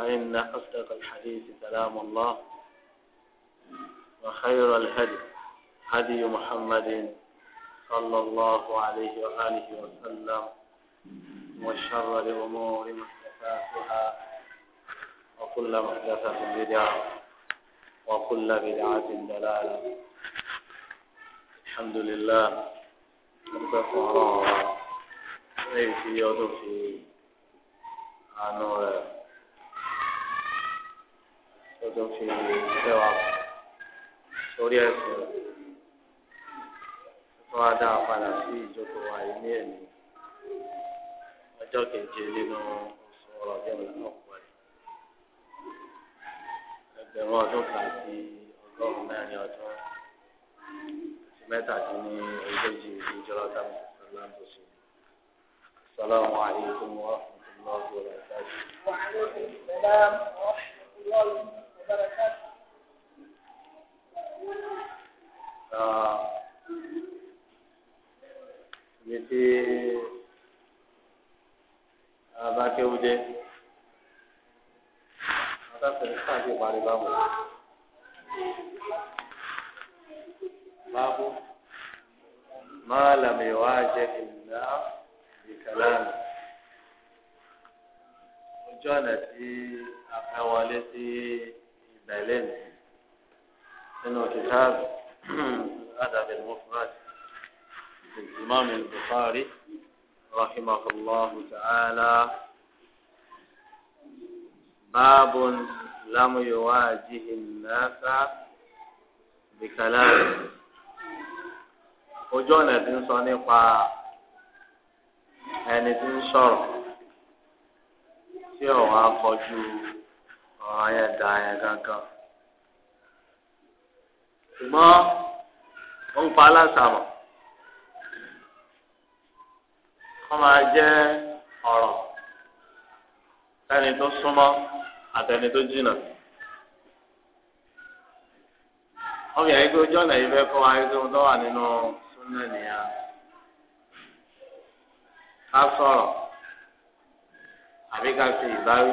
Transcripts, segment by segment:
فإن أصدق الحديث كلام الله وخير الهدي هدي محمد صلى الله عليه وآله وسلم وشر الأمور محدثاتها وكل محدثة بدعة وكل بدعة دلالة الحمد لله أرزق الله أي في يوم lọ́jọ́ fi fẹ́ wa sórí ẹ̀sìn rẹ̀ tó wá dá a padà sí ìjókòó wa yìí ní ẹ̀mí ọjọ́ keje nínú oṣù ọ̀rọ̀ bí ọ̀la náà pọ̀ ẹ̀ ẹgbẹ̀rún ọdún kan àti ọgọ́rùn-ún mẹ́rin ọdún àti mẹ́tàdínní ogójì ìjọba táwọn ìṣẹ̀lẹ̀ ń bọ̀ sí. السلام عليكم ورحمة الله وبركاته وعليكم السلام ورحمة الله وبركاته ibi tí abákéwú dé akáfẹ́ni káàdì parí báwo báwo máa làmì wá jẹ ọ̀nà tí a fẹ́ wọlé sí. ليلين إنه كتاب الأدب المفرد للإمام البخاري رحمه الله تعالى باب لم يواجه الناس بكلام ẹni tí ń sọ̀rọ̀ tí ọ̀rọ̀ yẹn da yẹn kankan ṣùgbọ́n ó ń fa aláṣàmọ̀ kọ́ máa jẹ́ ọ̀rọ̀ ẹni tó súnmọ́ àtẹni tó jìnnà ọmọ yẹn gbé ojú ọ̀nà yìí fẹ́ kọ́ wa ẹgbẹ́ wọn tó wà nínú súnmọ́ nìyà ká sọ̀rọ̀ àbí ká fi ìbáwí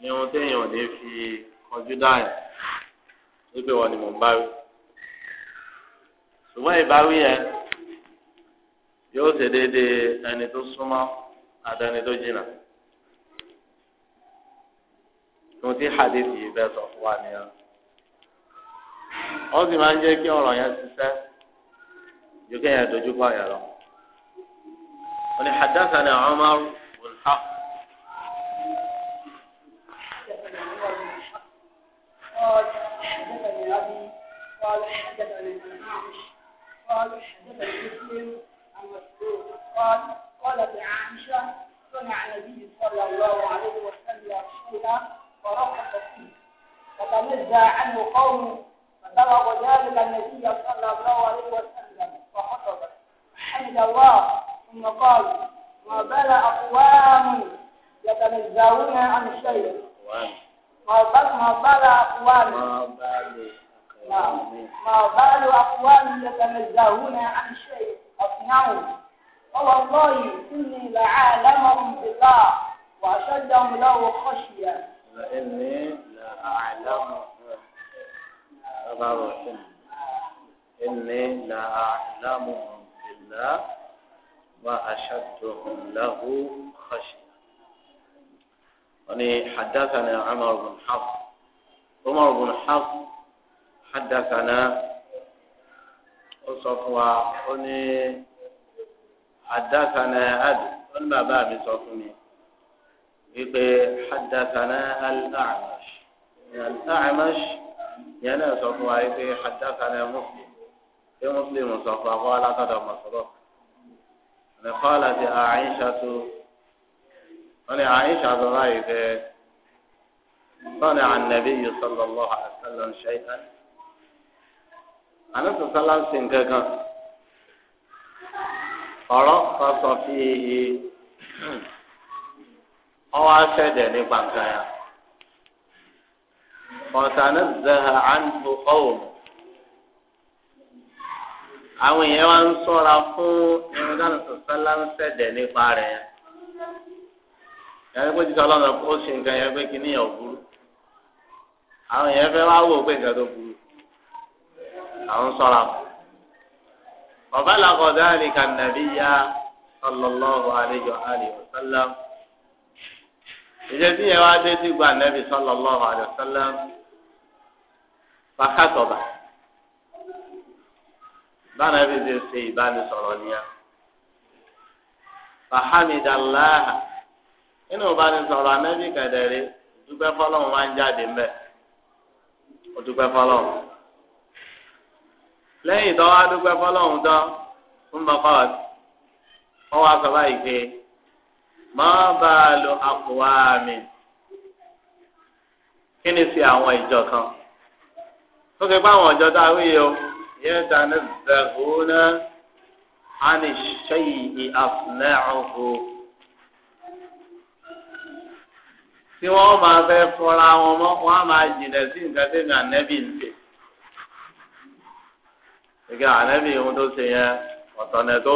ní ohun téèyàn ò ní fi kọjú dáhùn wípé wọn ni mò ń báwí ṣùgbọ́n ìbáwí yẹn yóò ṣe déédéé ẹni tó súnmọ́ àtẹni tó jìnnà ohun tí hadith yìí fẹ́ sọ fún wa nìyẹn wọ́n sì máa ń jẹ́ kí ọ̀rọ̀ yẹn ṣiṣẹ́ ju kéèyàn dojú kọ yẹn lọ. wọ́n ní hadathana Umar قال حدثني الأعمش قال حدثني مسلم عن مسعود قال قالت عائشة صنع النبي صلى الله عليه وسلم رسولا فرقص فيه فتنزع عنه قوم فبلغ ذلك النبي صلى الله عليه وسلم فخطب حمد الله ثم قال ما بال أقوام يتنزعون عن شيء ما ما بال أقوام نعم ما بال أقوام يتنزهون عن شيء أصنعوا فوالله إني لعالمهم بالله وأشدهم له خشية وإني لأعلم أبا وسلم إني لأعلمهم بالله وأشدهم له خشية يعني حدثنا عمر بن حفص عمر بن حفص حدثنا وصفوا أني حدثنا أبي أن بابي صفني حدثنا الأعمش الأعمش ينا صفوا حدثنا مسلم في مسلم صفوا قال قد مصروف قالت عائشة أنا عائشة رأيت صنع النبي صلى الله عليه وسلم شيئا àlọ́sọ̀ sálá ń sin kankan ọ̀rọ̀ kan sọ fi ọwọ́ aṣẹ́dẹ̀ ní gbàǹkà yá ọ̀sán zẹ̀hà àǹtò ọ̀hún àwọn èèyàn wá ń sọ́ra fún irun sọ̀sọ́ láńsẹ̀dẹ̀ nípa rẹ̀ yẹn yàrá pé jíjọ ọlọ́run ó ṣe nǹkan yẹn pé kí níyàwó burú àwọn èèyàn fẹ́ wá wò pé nǹkan tó àwọn sọ̀rọ̀ bàbá làkọ̀dá àlìkà nàbí yá sallallahu alayhi wa alihi wa yẹn wá dé sí gba nàbí sallallahu alayhi wa sallam fàkàtọ̀bà ti ṣe ìbánisọ̀rọ̀ ìbánisọ̀rọ̀ kẹ̀dẹ̀rẹ́ dúpẹ́ wá ń jáde mbẹ́ ó dúpẹ́ lẹ́yìn ìdánwò adúgbò fọlọ́hún dán ń bọ̀ kọ́ọ̀t wọ́n wá sọ báyìí pé máa bá a lo àkùwá mi kí ni sí àwọn ìjọ kan tó ṣe pé àwọn ìjọ tá a wíyẹ o yẹn ta ní zẹ̀húnà á ní ṣẹ́yìí àfúnẹ́hùn tí wọ́n máa fẹ́ fọ́ra wọn mọ́ wọ́n á máa jìnà sí nǹkan tẹ́lẹ̀ ànẹ́bí ń tẹ̀ ìgbà ànábì ohun tó ṣe yẹn ọ̀tọ̀nẹ̀ tó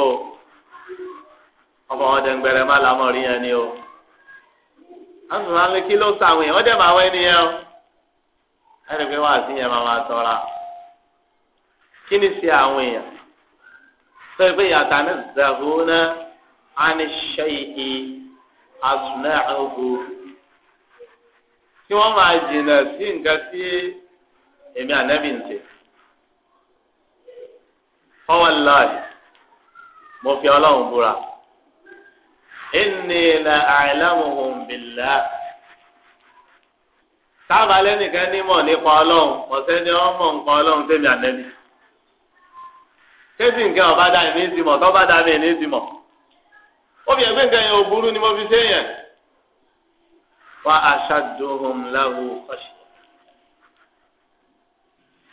ọmọ wọn jẹ gbẹrẹ má lámọ̀ rí yẹn ni o àwọn máa ń lé kí ló sa àwọn èèyàn wọ́n jẹ́ máa wẹ́ ni yẹn o ẹni pé wàá sí yẹn máa máa tọ́ra kí ni ṣe àwọn èèyàn tó yẹ pé yàtọ̀ àná zàhóná àní ṣẹ́yìí àtúná àhóhó kí wọ́n máa jìnnà sí nǹkan tí èmi ànábì ń ṣe fọwọ́láì mo fi ọlọ́run búra inni la àìlámuhùn bìlá táàbà lẹ́nìkan nímọ̀ nípa ọlọ́run ọ̀sẹ̀ ni wọ́n mọ̀ nǹkan ọlọ́run tẹ̀mí ànẹ́bí tẹ́sí nǹkan ọ̀bá dá ìní ìdìmọ̀ tó bá dá mi ìní ìdìmọ̀ ó fi nǹkan yẹn ò ni mo fi ṣe yẹn wa aṣáájúhùn láwù ọ̀ṣẹ̀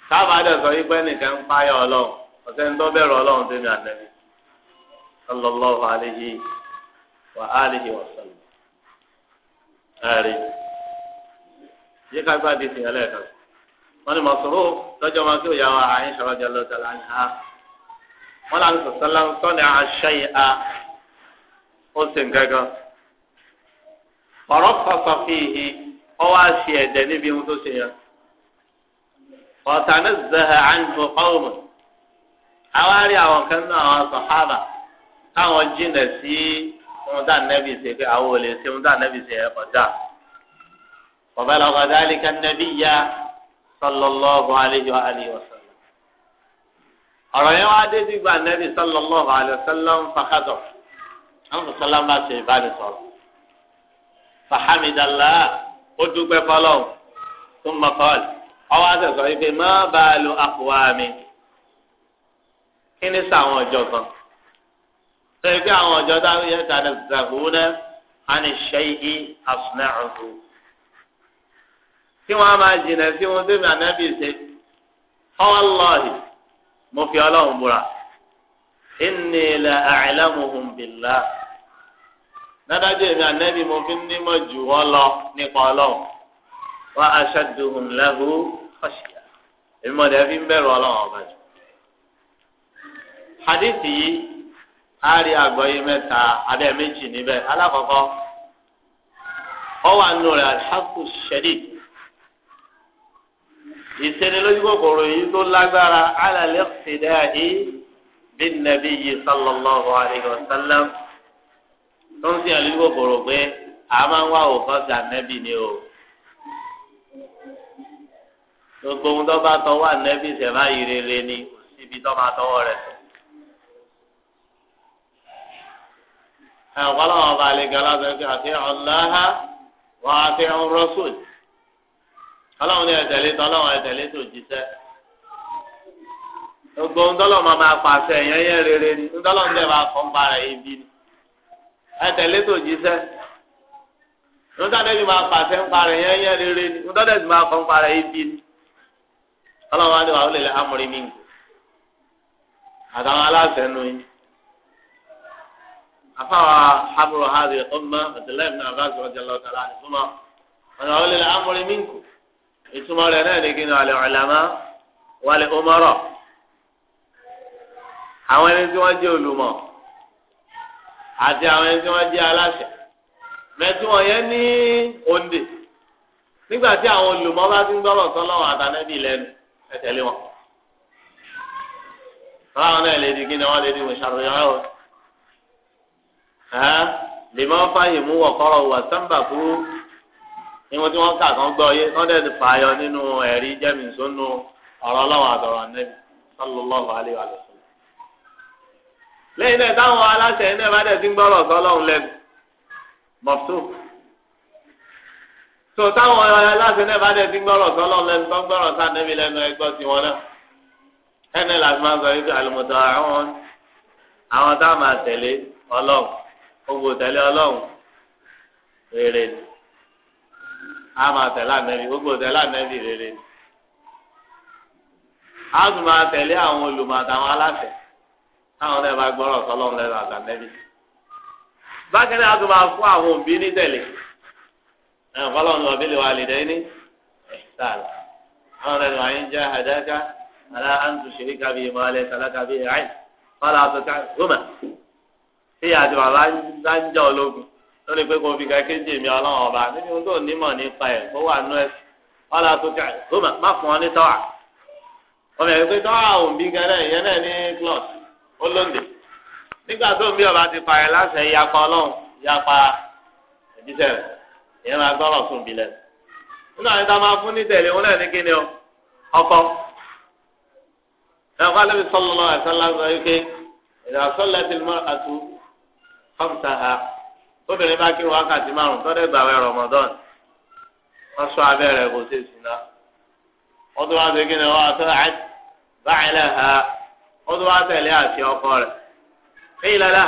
táàbà sọ yí pé nìkan ń páyọ̀ ọlọ́run ọ̀sẹ̀ ń tọ́ bẹ̀rù ọlọ́run tó ní ànábì sallallahu alayhi wa alihi wa sallam ẹ̀rí yìí ká gbá di tìyẹn lẹ́ẹ̀kan wọ́n ní mọ̀sùrù lọ́jọ́ máa kí òyàwó Àìṣà radiyallahu ta'ala anha wọ́n là ń sọ sọ́lá ń sọ́ni àṣẹyà ó sì ń gángan ọ̀rọ̀ kọ̀ọ̀kan fi hi ọwọ́ àṣì ẹ̀dẹ̀ níbi ohun tó ṣe yẹn ọ̀tàn náà zẹ̀ àǹtò ọ̀rùn àwa rí àwọn kan náà àwọn sọ̀hábà káwọn jìnà sí ohun tá nẹ́bí ṣe pé àwọn ò lè ṣe ohun tá nẹ́bí ṣe ẹ̀kọ́ dà. ọ̀bẹ́lá ọ̀gá dálíkà nẹ́bí ya sallallahu alayhi wa alihi wa sallam. ọ̀rọ̀ yẹn wá dé dìgbà nẹ́bí sallallahu alayhi wa sallam fàkàtọ̀ àwọn sọ̀sọ́lá máa ṣe ìbánisọ̀rọ̀. fàhámìdàlá ó dúpẹ́ fọlọ́ ọwọ́ àtẹ̀sọ̀ ife má bàa lo kí ni sàwọn ọjọ́ kan sọyìn pé àwọn ọjọ́ táwọn yẹn tàdé zàgùnà àni ṣẹyí àsùnàcùn tí wọn máa jìnnà sí wọn tó mi ànábì ṣe ọlọ́ọ̀hì mo fi ọlọ́run búra inni la àìlámuhùn bìlá dádájọ́ èmi ànábì mo fi nímọ̀ jù wọ́n lọ nípa ọlọ́run wọ́n aṣáájú hùn ọ̀ṣìyà èmi mọ̀ dẹ́ fi ń bẹ̀rù ọlọ́run ọ̀bàjọ́ hadithi yìí a rí àgbọ́yé mẹ́ta abẹ́ méjì níbẹ̀ alákọ̀ọ́kọ́ ọwọ́ àánú rẹ̀ alḥaqqu shadid ìṣẹ́nilójú kòkòrò yìí tó lágbára ala al-iqtida'i bin nabiyyi sallallahu alayhi wa sallam tó ń sìn àlójú kòkòrò pé a máa ń wá òkọ́sí ànẹ́bì ni o gbogbo ohun tó bá tọwọ́ sẹ̀ máa yìí ni kò síbi tó máa tọwọ́ rẹ̀ sọ. ẹ̀wọ́lọ́ ọba àlejò alábẹ́rẹ́ àti ọ̀làhà ti ń rọ́sùn. ọlọ́run ní ẹ̀tẹ̀lé tó gbogbo ńdọ́lọ́ máa ma pàṣẹ ẹ̀yẹ́ yẹn rere ni ńdọ́lọ́ ń ma máa kọ́ ń bára yìí ni. ẹ̀tẹ̀lé tó rere ni bí ni. afawa amúrò هذه rè ọmọ abdullahi ibn abbas radiyallahu ta'ala anhuma ọ̀nà olè la amúrò minkum ìtumọ̀ rẹ̀ náà ní kíni alẹ́ ulama wàlẹ̀ umara àwọn ẹni tí wọ́n jẹ́ olùmọ̀ àti àwọn ẹni tí wọ́n jẹ́ aláṣẹ mẹ́tí wọ́n yẹn ní òǹdè nígbà tí àwọn olùmọ̀ bá ti ń gbọ́rọ̀ sọ́lọ́wọ́ àtànẹ́bí lẹ́nu ẹ̀tẹ̀lé wọn. báwọn náà lè di kíni wọ́n lè di mùsàlùyọ́ lèmọ́ fàyè mú wọ̀kọ́rọ̀ wà sábà kú níwọ̀n tí wọ́n kà kán gbọ́ yé wọ́n dẹ̀ ti fààyọ nínú ẹ̀rí jẹ́mìísónú ọ̀rọ̀ ọlọ́wọ́ àtọ̀rọ̀ ànẹ́bí sallallahu alaihi wa sallam. lẹ́yìn náà táwọn aláṣẹ náà bá dẹ̀ ti ń gbọ́rọ̀ sọ́lọ́hún lẹ́nu mọ̀tò. tó táwọn aláṣẹ náà bá dẹ̀ ti ń gbọ́rọ̀ sọ́lọ́hún lẹ́nu tó ń gbọ́rọ̀ sànẹ́bí lẹ́nu ẹgbọ́ sí wọn náà. ẹnì Ogbo tẹ̀lé ọlọ́run rere ni a máa tẹ̀lé ànẹ́bí gbogbo tẹ̀lé ànẹ́bí rere ni a tún máa tẹ̀lé àwọn olùmọ̀ àtàwọn aláṣẹ táwọn náà bá gbọ́rọ̀ sọlọ́run lẹ́nu àtànẹ́bí bákan náà a tún máa fún àwọn òbí ní tẹ̀lé ẹ̀rọ fọlọ́run lọ bí lè wà àwọn ẹ̀rọ jẹ́ àdáká tí àti bàbá ń jà ológun lórí pé kò fi kẹ́kẹ́ jì mí ọba níbi ohun tó nímọ̀ nípa ẹ̀ kó wà nú ẹ̀sìn wọn là tó kẹ́ kó má fún ọ ní tọ́wà ọmọ ẹ̀ pé tọ́wà ò ń bí gẹ́rẹ́ ìyẹn náà ní klọ́s ó lóde nígbà tó ń bí ọba ti parẹ́ láṣẹ ìyapa ọlọ́run ìyapa ìbísẹ̀ ìyẹn máa gbọ́rọ̀ fún ìbílẹ̀ nínú àwọn máa fún ní tẹ̀lé wọn náà ní kíni o ọkọ ẹ̀fọ́ alẹ́ mi sọ́lọ́ kọ́mùsà ha obìnrin bá kírun wákàtí márùn tọ́lẹ̀ gbàwẹ̀ rọmọdọ́n wọ́n sọ abẹ́rẹ́ kò sí ìsìná wọ́n tún wá sí kí ni wọ́n á tọ́ báyìí ha wọ́n tún wá tẹ̀lé àti ọkọ rẹ̀ kéyìí lọ́la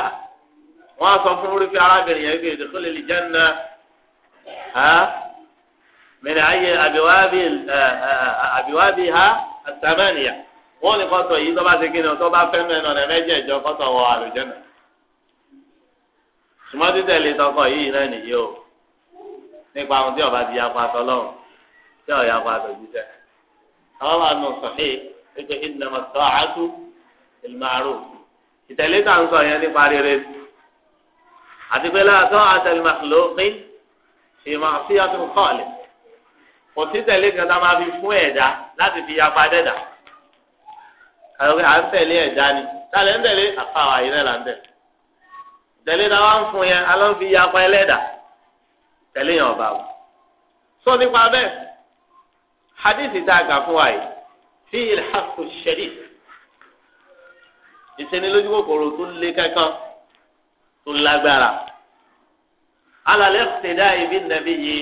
wọ́n á sọ fún orí fi arábìnrin yẹn gbé ìdíkọ́lẹ̀ lè jẹ́ ńnà ha mẹ́rin ayé àbíwábí ha àtàmẹ́nìyà wọ́n ní kọ́tọ̀ yìí tọ́ bá sí kí ni tọ́ bá fẹ́ mẹ́rin ọ̀nà mẹ́jẹ̀ẹ̀jọ kọ́tọ̀ wọ àlùjẹ́nà sùmọ́tì tẹ̀lé tọkọ yìí náà nìyí o nípa àwọn tí ọba ti yapa tọlọ́run tí ọ̀ yapa tọ̀jíṣẹ́ àwọn máa nù sọ̀hí pé ìdìnnàmọ̀ sọ àádú ìlmàrú ìtẹ̀lé tà ń sọ yẹn nípa rere àti pé láàtọ́ àtẹlẹmàló pé ìmọ̀ sí ọtún kọ́ọ̀lì kò sí kan tá a máa fi fún ẹ̀dá láti fi yapa dẹ́dà àwọn à ẹ̀dá ni tàlẹ́ ń tẹ̀lé àfàwà là ń tẹ̀lé tẹ̀lé náà wá ń fún yẹn alọ́ fi ya apá ẹlẹ́dà tẹ̀lé yẹn ọba o. sọ nípa bẹ́ẹ̀ hadithi tá a kà fún wa yìí fi ilhaku shadid ìṣẹ́nilójú kòkòrò tó lé kankan tó lágbára alalẹ́ ṣẹ̀dá ibi nàbí yìí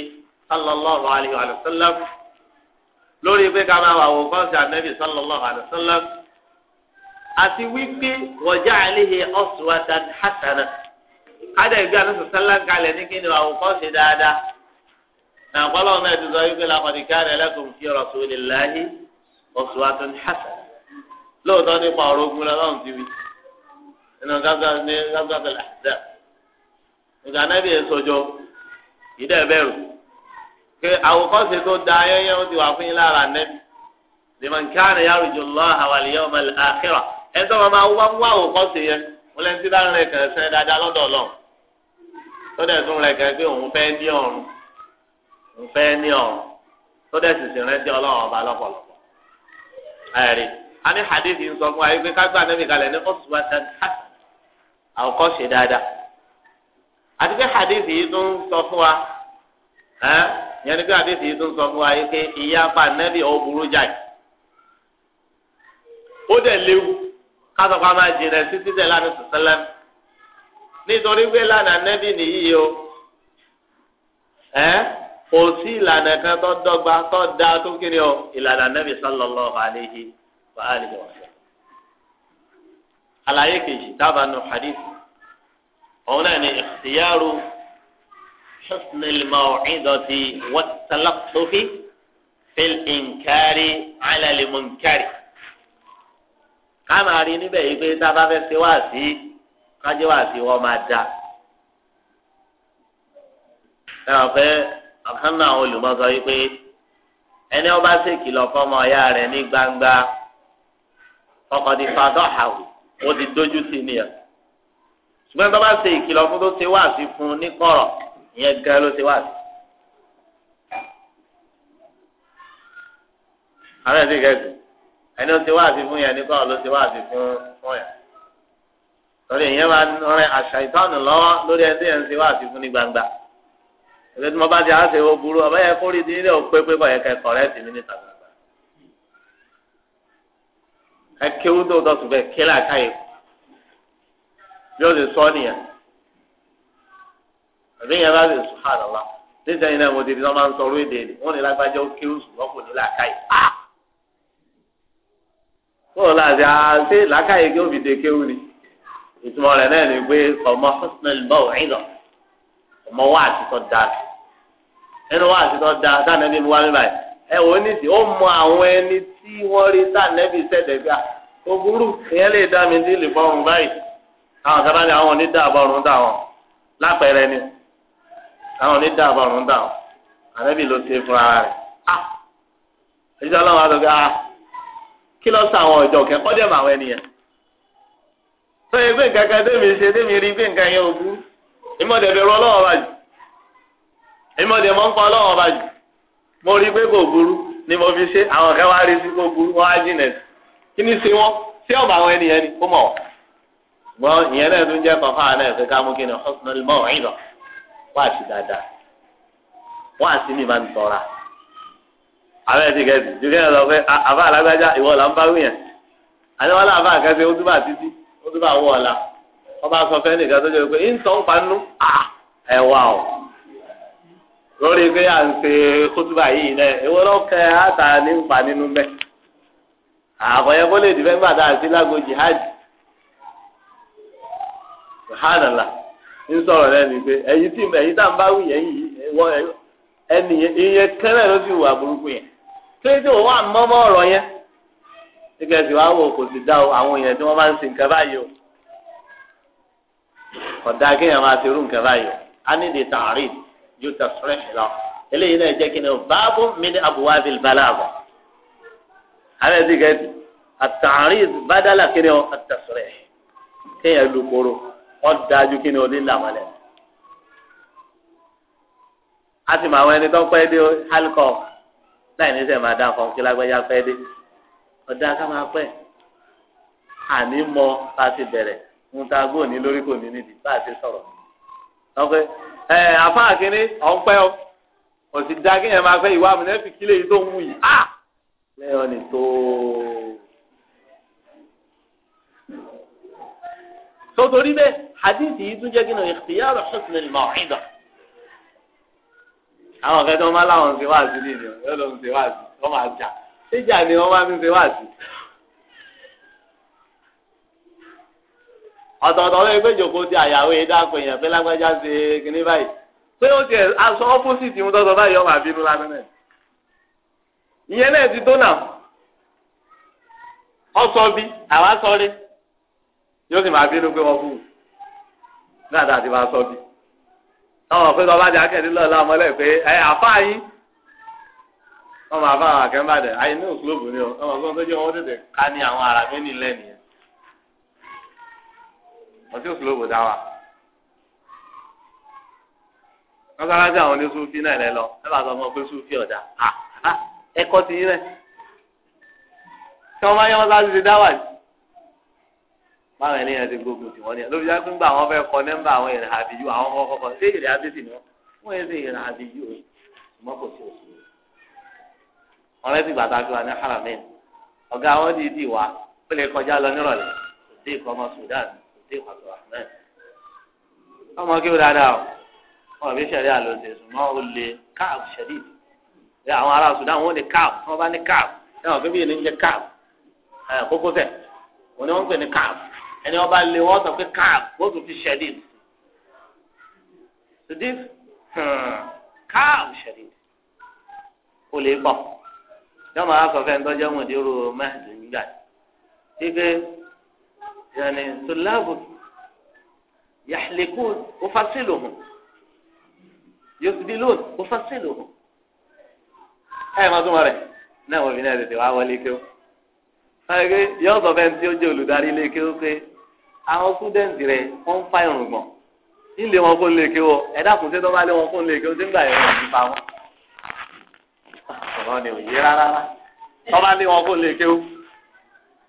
sallallahu alayhi wa sallam lórí pé ká máa wà wò kọ́sì ànábì sallallahu alayhi wa sallam àti wípé wọ́jà àlehe ọ̀sùn wa dan hasana ada ìgbé àti sọsẹlá kalẹ̀ ní kí ni àwòkọ́ ṣe dáadáa nà àkọlọ náà ti sọ wípé laqad kana lakum fi rasulillahi uswatun hasana lóòótọ́ nípa ọ̀rọ̀ ogun lọ́wọ́n ti wí nínú gágàtàlá dà nígbà anábì èsòjò ìdẹ́ bẹ̀rù pé àwòkọ́ ṣe tó da ayẹyẹ ó ti wà fún yín lára nẹ́bí liman kana yarju Allaha wal yawmal akhirah ẹ̀ tó máa wá wá àwòkọ́ ṣe yẹn mo lẹ́nu tí bá rẹ kàn sẹ́ dáadáa lọ́dọ̀ ọlọ́run tó dẹ̀ tún rẹ kàn pé òun fẹ́ ní ọ̀run òun fẹ́ ní ọ̀run tó dẹ̀ sì sì rántí ọlọ́run ọba lọ́pọ̀lọpọ̀ ẹ̀rí a ní hadith ń fún wa pé kágbá nẹ́bí kalẹ̀ ní ọ̀sùwàtà àwòkọ́ ṣe dáadáa àti pé hadith yìí tún sọ fún wa yẹn ni pé hadith yìí tún sọ fún wa pé ìyá apá nẹ́bí ọ̀ burú jáì ó dẹ̀ léwu kásọ̀ kó a máa jìnà sí títẹ̀ lánàá sọ̀sẹ́lẹ̀ nítorí pé lánàá nẹ́bí nìyí o ẹ́ kò sí ìlànà kan tó dọ́gba tó da tó kiri o ìlànà nẹ́bí sallallahu alaihi wa alihi wa sallam. àlàyé kejì dábàá nù hadith òun náà ni ikhtiyaru حسن الموعظة والتلطف في الإنكار على المنكر ká máa rí níbẹ̀ yìí pé tá a bá fẹ́ ṣe wá sí kájẹ́ wá sí wọ́n máa da. ẹ wọ́n fẹ́ ọ̀kan náà àwọn olùmọ̀sọ yìí pé ẹni ọba ṣèkìlọ̀ fọmọ ọ̀yá rẹ̀ ní gbangba ọkọ̀ ti fàdọ̀ àwò ó ti dójú sí ni ẹ̀. ṣùgbọ́n tó bá ṣe ìkìlọ̀ fún tó ṣe wá sí fún un ní kọ̀rọ̀ ìyẹn gan ló ṣe wá sí. àwọn ẹ̀sìn kẹ́sì ẹni ó ti wá àfi fún yẹn ní kọ́ ló ti wá àfi fún fún yẹn lórí ìyẹn máa ń rìn àṣà ìtọ́nù lọ́wọ́ lórí ẹni tí yẹn ń ti wá àfi fún ní gbangba ẹgbẹ́ tí mo bá ti àṣẹ wo burú ọba yẹn kórìí ti nílẹ̀ òpé pé bọ̀ yẹn kẹ́ kọ̀rẹ́tì mi níta gbangba ẹ kéwú tó tọ́ sùn bẹ́ẹ̀ kílà káyè bí ó ti sọ nìyẹn àbí yẹn bá ti sùn hàn lọ́wọ́ níta yìí náà mo ti di kóò láti àṣẹ làákàyè kí ó fi dèké wù ni ìtumọ̀ rẹ̀ náà ni pé ọmọ hosanel bá wà ìlọ ọmọ wa àtitọ́ da ẹnu wa àtitọ́ da sànẹ́bí mi wá mi báyìí ẹ wò ó ní sí ó mọ àwọn ẹni tí wọ́n rí sànẹ́bí sẹ́dẹ̀gbà ó burú ìyẹn lè dá mi dílì fọ́run báyìí àwọn sábà ní àwọn onídàbọ̀rún dà wọ́n lápẹẹrẹ ni àwọn onídàbọ̀rún dà wọ́n ànẹ́bí ló ṣe fúnra rẹ̀ ah ìjọba kí lọ sọ àwọn ọjọ́ kẹ ọdẹ mà wẹ sọ yẹ pé nǹkan kan tẹmí ṣe tẹmí rí pé nǹkan yẹn ò bú ìmọ̀dé bẹ̀rù ọlọ́wọ́ bá jù ìmọ̀dé ń pa ọlọ́wọ́ bá mo rí pé kò burú ni mo fi ṣe àwọn kan wá rí sí kò burú wọn á jìnà sí kí ni ṣe wọn ṣé ọba àwọn ènìyàn ni kó mọ̀ ọ́ ṣùgbọ́n ìyẹn náà tún jẹ́ kọ̀ọ̀fà náà ṣe ká mú kí ni ọ̀sán mọ̀ ọ̀hìn lọ wá sí dáadáa wá sí mi máa àwọn ẹ̀sìn kẹsì ju kẹ́hìn lọ pé àbá alágbájá ìwọ là ń bá wíyàn àníwálá àbá àkẹ́sẹ̀ ó túbà títí ó túbà wọ̀ ọ̀la wọ́n bá sọ fẹ́ẹ́ nìkan tó jẹ́ pé ń tọ́ ń panú ẹ̀ wà ọ́ lórí pé à ń ṣe kótóbà yìí náà ìwọ lọ́kẹ́ àtà ní ń pa nínú bẹ́ẹ̀ àkọ́yẹ kó lè dìbẹ́ gbàdá àti lágbo jihad hànàlà ń sọ̀rọ̀ lẹ́nu pé ẹ̀yin tí ẹ̀yin tá à ń bá wù yẹn yìí ẹni ìyẹn kẹ́lẹ́ ló ti wà burúkú yẹn tóyí tí òun wà mọ́mọ́ ọ̀rọ̀ yẹn gẹ́gẹ́ sì wáá wò kò sì dá o àwọn èèyàn tí wọ́n máa ń sin nǹkan báyìí o ọ̀dà kéèyàn máa ti rú nǹkan báyìí o a ní di tààrí ju tẹ̀sírẹ́ lọ eléyìí náà jẹ́ kí ni o báàbò mi ní abuwaabi balaago alẹ́ ti gẹ́ ti àtààrí bádàlà kí ni o tẹ̀sírẹ́ kéèyàn lu koro wọ́n dájú kí ni o ní làmọ́lẹ̀ a sì máa wọ ẹni tó pẹ́ dé halkọ́ọ̀ láì ní sẹ́ẹ̀ máa dá kan kí lágbẹ́yà pẹ́ dé ọ̀dà ká máa pẹ́ àní mọ bá a ti bẹ̀rẹ̀ ń ta gbóòní lórí kò ní nídìí bá a ti sọ̀rọ̀ ọ̀pẹ ẹ̀ afá àkíní ọ̀npẹ́ o kò sì dá kéèyàn máa fẹ́ ìwà àmì fi kílè yìí tó ń wù yìí á lẹ́yìn ni tó sotori bẹ́ẹ̀ hadith yìí tún jẹ́ kí ni ìyá rẹ̀ ṣùgbọ́n ìmọ̀ ọ̀hìn dàn àwọn kan tí máa láwọn ṣe wáàsí ní ìdíwọ̀n yóò lóun ṣe wáàsí wọ́n máa jà síjà ni wọ́n máa fi ṣe wáàsí. ọ̀tọ̀ọ̀tọ̀ lóye pé jòkó ti àyàwó yìí dáko èèyàn pé lágbájá ṣe kinní báyìí pé ó tiẹ̀ aṣọ ọ́pọ́sìtì ń tọ́tọ̀ báyìí ọmọ àbínú lánàá ìyẹn náà ti tó náà ọsọ bí àwa sọ rí yóò sì máa bínú pé wọ́n fún un náà dàtí máa sọ bí táwọn pé bàbá àjà kẹ́ni lọ́ọ́ la mọ́lẹ̀ pé ẹ àfa yín wọ́n máa fa àwọn àyè ní òkúlóòbù ni ọ ọmọ kan tó jẹ́ wọ́n tètè ká ní àwọn ará mi nílẹ̀ nìyẹn wọ́n sì òkúlóòbù dá wa wọ́n sára sí àwọn oníṣúfì náà lẹ́ lọ ẹ bá sọ fún ọ pé ṣúfì ọ̀dà ẹ̀kọ́ ti yín rẹ̀ tí wọ́n yẹ wọ́n sáré ti dá wà yìí báwọn ènìyàn ti gbógun tiwọn ni lóbi jáde gbà wọn fẹ́ kọ nẹ́mbà àwọn èrè àbíyú àwọn ọkọ kọkọ ṣé èrè àbíyú ni wọn èrè èrè àbíyú o ṣùgbọ́n kò wọn lẹ́sìn bàtà fi wà ní haramin ọ̀gá wọn ti di wa ó lè kọjá lọ nírọ̀lẹ́ òde ìkọ́mọ Sudan òde ìkọ́sọ̀ ahmed ọmọ kí ó dáadáa o wọn bí sẹ̀rí àlòsè ṣùgbọ́n ó lè káàb sẹ̀rí ìdí àwọn ará Sudan wọn ní káàb tí bá ní káàb ẹ̀ wọ́n fi bí ìní ń jẹ káàb kókó fẹ̀ òní wọ́n ń pè ní káàb ẹni ọba lè wọ́n sọ pé káàb wọ́n tún fi ṣẹ̀dí. Ṣèdí hmm, káàb ṣẹ̀dí kò lè pọ̀. Yọ́mọ̀ akọ̀fẹ́ ń tọ́jú ọmọ ìdírò mẹ́hìndín nígbà tí pé yẹnì tòlábù yàhlẹ́kù òfàṣìlòhùn yòsìbìlóhùn òfàṣìlòhùn. Ẹ máa túmọ̀ rẹ̀ náà wọ́n fi náà tètè wá wọlé kí ó. Yọ́sọ̀fẹ́ ń tí ó jẹ́ olùdarí ilé kí pé. àwọn kúndẹ̀ǹtì rẹ̀ wọ́n ń fa irùngbọ̀n ilé wọn kó lè ké wọ ẹ̀dá kùn sí tọ́ba wọn lè ké ti ń gbà yẹn ti fa wọn. ọ̀rọ̀ ni ò yé rárá tọ́ba wọn kó lè ké wọ́n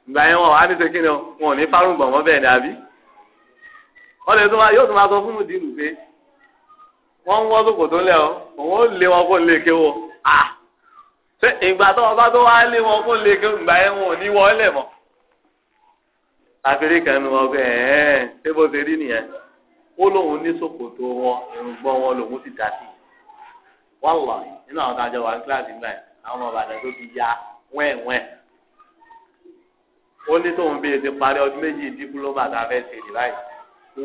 ìgbà yẹn wọn wà á ní ni wọn ò ní wọn bẹ́ẹ̀ ni àbí. wọ́n lè tún yóò tún máa sọ fún mi dìrù pé wọ́n ń wọ́n tó lẹ̀ ọ́ òun ó lé wọn lè abẹ́rẹ́ kan nu ọgbẹ́ ẹ̀ẹ́n ṣé bó ṣe rí nìyẹn ó lóun ní ṣòkòtò wọn ìrùngbọ́n wọn lòun ti dà sí wàhálà nínú àwọn àjọ wa kíláàsì ńlá yẹn àwọn ọmọ àdá tó ti ya wẹ́ẹ̀wẹ́ẹ̀ ó ní tóun bí ètò parí ọdún méjì dípúlọ́mà tá a fẹ́ ṣe ní báyìí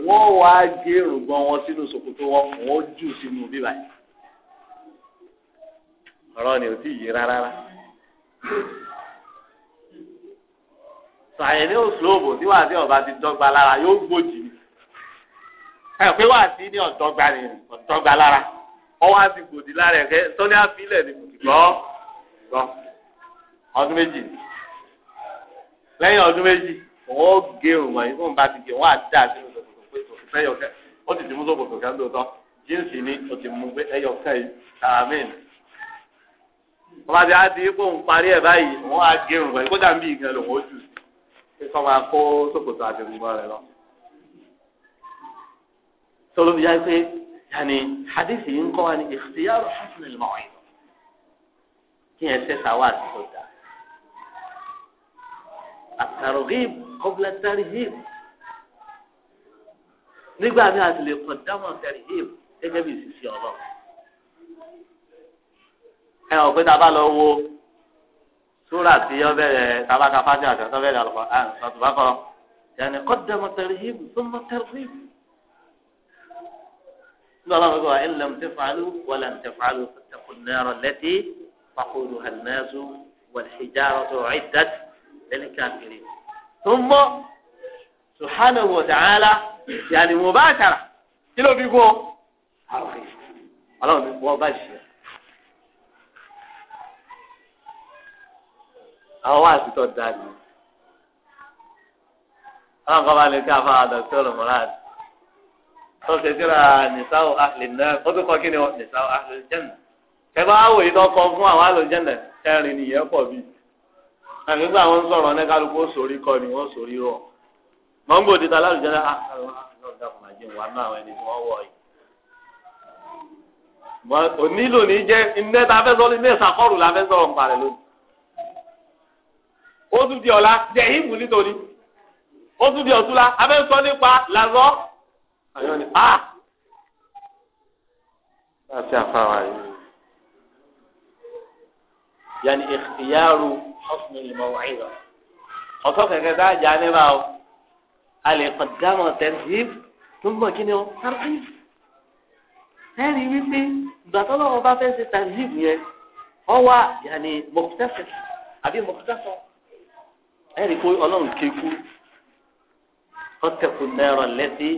wọ́n wá gé ìrùngbọ́n wọn sínú ṣòkòtò wọn wọ́n jù sínú bíbá yìí ọ̀rọ̀ ni ò tí ì yé rárá sàyẹn ní òṣùlóòbò tí wàá sí ọba ti dọ́gba lára yóò gbòjì ni ẹ pé wàá sí ní ọ̀dọ́gba ni ọ̀dọ́gba lára ọwọ́ àti gbòdì lára ẹ̀kẹ́ sọ́ni àfilẹ̀ ni kò sì gbọ́ gbọ́ ọdún méjì lẹ́yìn ọdún méjì wọ́n gé òun wọ̀nyí fún bá ti gé wọ́n á dá sínú ìṣòkòtò pé kò jíǹsì ni ó ti mú pé ẹyọkẹ́ yìí àmín wọ́n ti á di pé òun parí ẹ̀ báyìí wọ́n á gé òun wọ̀nyí kó dà ìgbẹ́ lòun ó jù sí sísọ máa kó sòkòtò àdìrúgbọ rẹ lọ. sọlọ́bi yá pé yanni hadith yìí ń kọ́ wa ní ìfìyàrá hasan al-maw'id kí ẹ ṣẹ̀ṣà wà sí ọjà. àtàrògìb qabla tarhib nígbà mi àti lè kọ̀ dáwọn tarhib gẹ́gẹ́ bí ìsìsì ọlọ́run. ẹ ọ̀ pé tá a bá lọ wo. súrà tí yọ bẹ̀rẹ̀ tabaka fati àti ọ̀tọ̀ bẹ̀rẹ̀ àlùkò àn sọ̀tùbá kọ́ yẹn kọ́dà mọ̀tẹ́rìhìm sọ́mọ tẹ́rìhìm. nígbà wọn kọ́ ẹ̀ lẹ́m tẹ́ fàálù wọlé tẹ́ fàálù tẹ́kùn náírà lẹ́tí fàkúrú hànẹ́sù wàlhìjárọ̀ tó ẹ̀dát lẹ́ni káfíìrì. tó ń bọ́ sùhánà wò dàcálà yàrá ìwọ̀n bá kàrà kí ló fi kú ọ. ọlọ́run mi wọ́n bá ṣe àwọn wá àtúntò dání àwọn kan bá lè kí afárá dọkítọrù murad tó ṣe síra nìsáwò àhlè náà ó tún kọ kí ni nìsáwò àhlè jẹnà kẹfà àwòye tó kọ fún àwọn àlòjẹnà kẹrin nìyẹn pọ bí àfi gbà wọn sọ̀rọ̀ ní kálukú ó sórí kọ ni wọn sórí rọ mọ̀ngò dídá alálùjẹnà àhàlù àhàlù dàkùnmá jẹun wà náà àwọn ẹni tí wọn wọ yìí onílò ní jẹ iná tá a fẹ́ sọ ní ilé ìsàkọrù la fẹ́ sọ̀rọ̀ ń parẹ́ lónìí ó tún di ọ̀la jẹ ìmù nítorí ó tún di ọ̀túnla abẹ́sọ nípa làzọ́ àyọ̀ ni a. Ah! láti àfàwà yìí yanni ìyáàrú ọ̀sùn ìmọ̀ wáyé lọ ọ̀sọ́ kẹ̀kẹ́ tá a jà ní bá o a lè kàn tó ń bọ̀ kí o tẹ̀síf ẹ̀rí wípé ìgbà bá fẹ́ ṣe tẹ̀síf yẹn ọ yanni mọ̀kútẹ́sẹ̀ àbí mọ̀kútẹ́sọ̀ ẹ̀rí pé ọlọ́run kéku ọ̀tẹ̀kù náírà lẹ́sí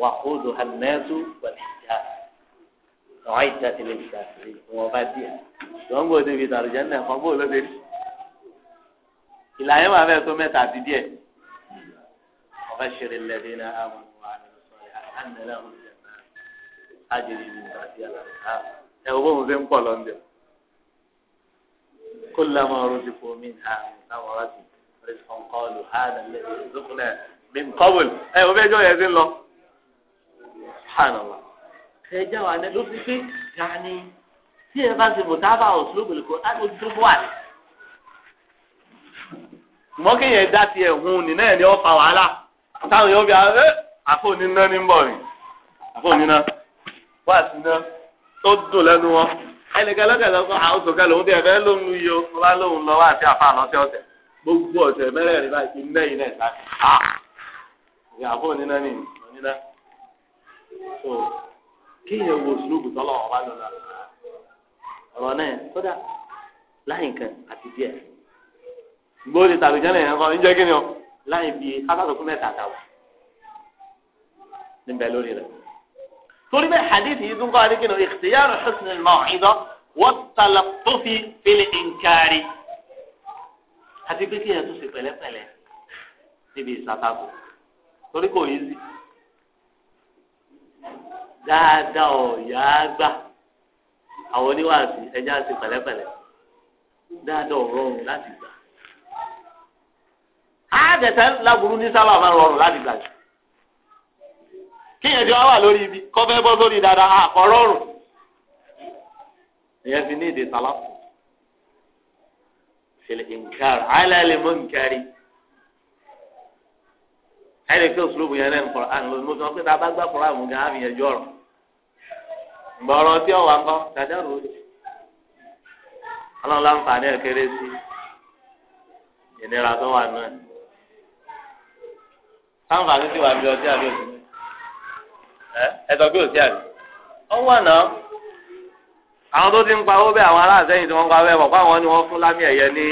wà kóòdù àmẹ́sù wàlíjà ọ̀hún àìjà tilẹ̀ ìjà sí wọn bá díẹ̀ lọ́n gbọ́dọ̀ ibi ìtàlùjẹ́ náà kan bó lóde ìlànà máa fẹ́ tó mẹ́ta àti díẹ̀ ọ̀fẹ́ ṣeré lẹ́dí náà àwọn ọmọ àdúgbò sọ̀rọ̀ àná lẹ́hùn jẹ̀ náà ájèlè ní ìgbà díẹ̀ lọ́wọ́ ẹ̀ wọ́n mo fẹ́ ń pọ̀ lọ́ndẹ̀ kó lámọ̀ ọ̀rọ̀ ti fò mí náà àwọn ọ̀rọ̀ ti رزقا قالوا هذا الذي رزقنا من قبل ẹ o bẹ́ẹ̀ jọ yẹn ti ń lọ subhanallah ẹ jẹ́ wa ní ló fi pé yanni tí ẹ bá ṣe mọ̀tábà òṣùlùmí kò láti tó wà ní. dá tiẹ̀ hun ní náà ni ó fa wàhálà táwọn yóò bí a ẹ àfọ oníná ní ń bọ̀ ni àfọ oníná wà sí iná tó dùn lẹ́nu wọn ẹnìkan lọ́kàn lọ́kàn àwọn sọ̀kẹ́ lòun tí fẹ́ lóun lu iye wọn bá lóun lọ wá àti àfa àlọ́tẹ́ ọ̀tẹ̀ gbogbo ọ̀sẹ̀ mẹ́rẹ̀ẹ̀rin báyìí iná yìí náà sáré á ìyàbọ oníná ní oníná so kéèyàn wo sùlùkù tọ́lọ̀ wọn bá lọ́la ọ̀rọ̀ náà kódà láyìn kan àti díẹ̀ gbóòdì tàlùjẹ́lẹ̀ yẹn kọ́ ń jẹ́ kí ni o láyìn bíi kábàtúkú mẹ́ta àtàwọn níbẹ̀ lórí rẹ̀. torí bẹ́ẹ̀ hadith yìí tún kọ́ adé kí ni o ikhtiyar husn al-maw'ida wa at-talattuf fil inkari. àti pé kí yẹn tún ṣe pẹ̀lẹ́pẹ̀lẹ́ níbi ìsàtàkù torí kò yí sí dáadáa ọ̀yà gbà àwọn oníwàásù ẹja ṣe pẹ̀lẹ́pẹ̀lẹ́ dáadáa ọ̀rọ̀rùn láti gbà á lagburu láburú ní sábà máa rọrùn láti gbà jù kíyàn wà lórí ibi kọ́ bọ́ sórí dáadáa àkọ́rọ́rùn ti ní èdè fil inkar ala lil munkari ẹni pé òṣèlú yẹn lẹ́nu kọ̀ọ̀rọ̀ àná ló sọ pé tá a bá gbá kọ̀ọ̀rọ̀ àwọn gan àmì ẹjọ́ rọ̀ gbọ̀rọ̀ tí ọ̀wà ń kọ́ dàdá rò ó ọlọ́run láǹfààní ẹ̀ kéré sí ìnira tó wà náà láǹfààní sì wà bí ọtí àbí òsì ẹ ẹ sọ pé òsì àbí ọwọ́ náà àwọn tó ti ń pawó bẹ́ẹ̀ àwọn aláàtẹ̀yìn tí wọ́n ń pa bẹ́ẹ̀ bọ̀ fún àwọn ni wọ́n fún lámì ẹ̀yẹ ní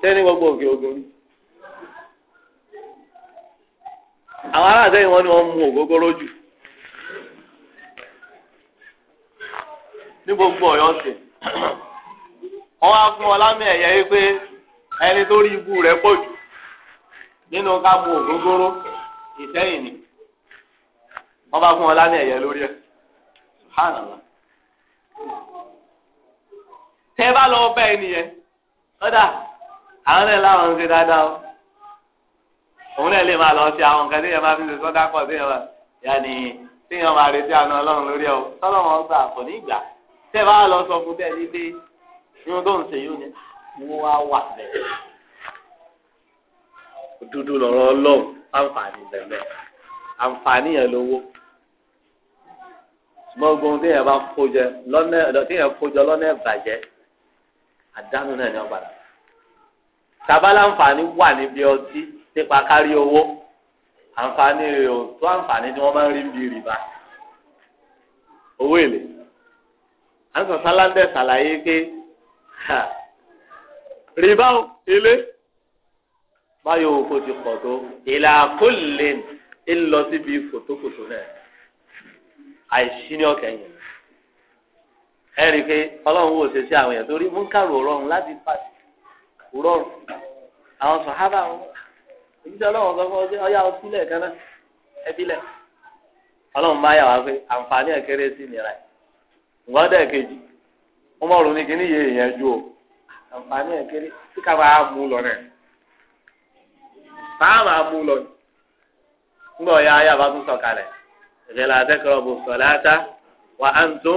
sẹ́ni gbogbo òkè ogun àwọn aláàtẹ̀yìn wọn ni wọ́n mu ògógóró jù ní gbogbo ọ̀yọ́ sí wọ́n wá fún wọn lámì ẹ̀yẹ yìí pé ẹni tó rí ibú rẹ̀ pọ̀ jù nínú ká mu ògógóró ìtẹ́yìn ni wọ́n bá fún wọn lámì ẹ̀yẹ lórí ẹ̀ subhanallah tẹ́ bá lọ bá ẹnìyẹn kódà àwọn ẹ̀ láwọn ń ṣe dáadáa o òun náà lè máa lọ ṣe àwọn nǹkan téèyàn máa fi ṣe sọ́dá pọ̀ téèyàn máa yàní téèyàn máa retí àna ọlọ́run lórí ẹ̀ o tọ́lọ́wọ́n gbà kò ní ìgbà tẹ́ bá lọ sọ fún bẹ́ẹ̀ ní pé irun tó ń ṣe yóò ní wọ́n ah, wá wà bẹ́ẹ̀. dúdú lọ̀rọ̀ ọlọ́run àǹfààní bẹ̀rẹ̀ àǹfààní yẹn lówó ṣùgbọ́n gbogbo téèyàn bá kó jẹ lọ́nà téèyàn kó jọ lọ́nà ìbàjẹ́ àdánù náà ni ọ̀padà tàbálà àǹfààní wà níbi ọtí nípa kárí owó àǹfààní rẹ̀ ò tó àǹfààní tí wọ́n máa ń rí bí rìbá owó èlé àǹsàn sálándẹ ṣàlàyé pé rìbá èlé báyọ̀ òkò ti pọ̀ tó ìlà kólé ń lọ síbi fòtófòtó náà àìsí ní ọ̀kẹ́yìn. ẹ pé ọlọ́run wò ṣe sí àwọn èèyàn torí múnkàrò rọrùn láti pàṣẹ rọrùn àwọn sọ̀hábà wọn ìdíje ọlọ́run sọ fún ọ sí ọyá ọtí lẹ̀ kan ọlọ́run bá yà wá pé àǹfààní ẹ̀ sí ìnira ẹ̀ ǹgbọ́n dẹ̀ kejì wọ́n kí ní iye èèyàn ju o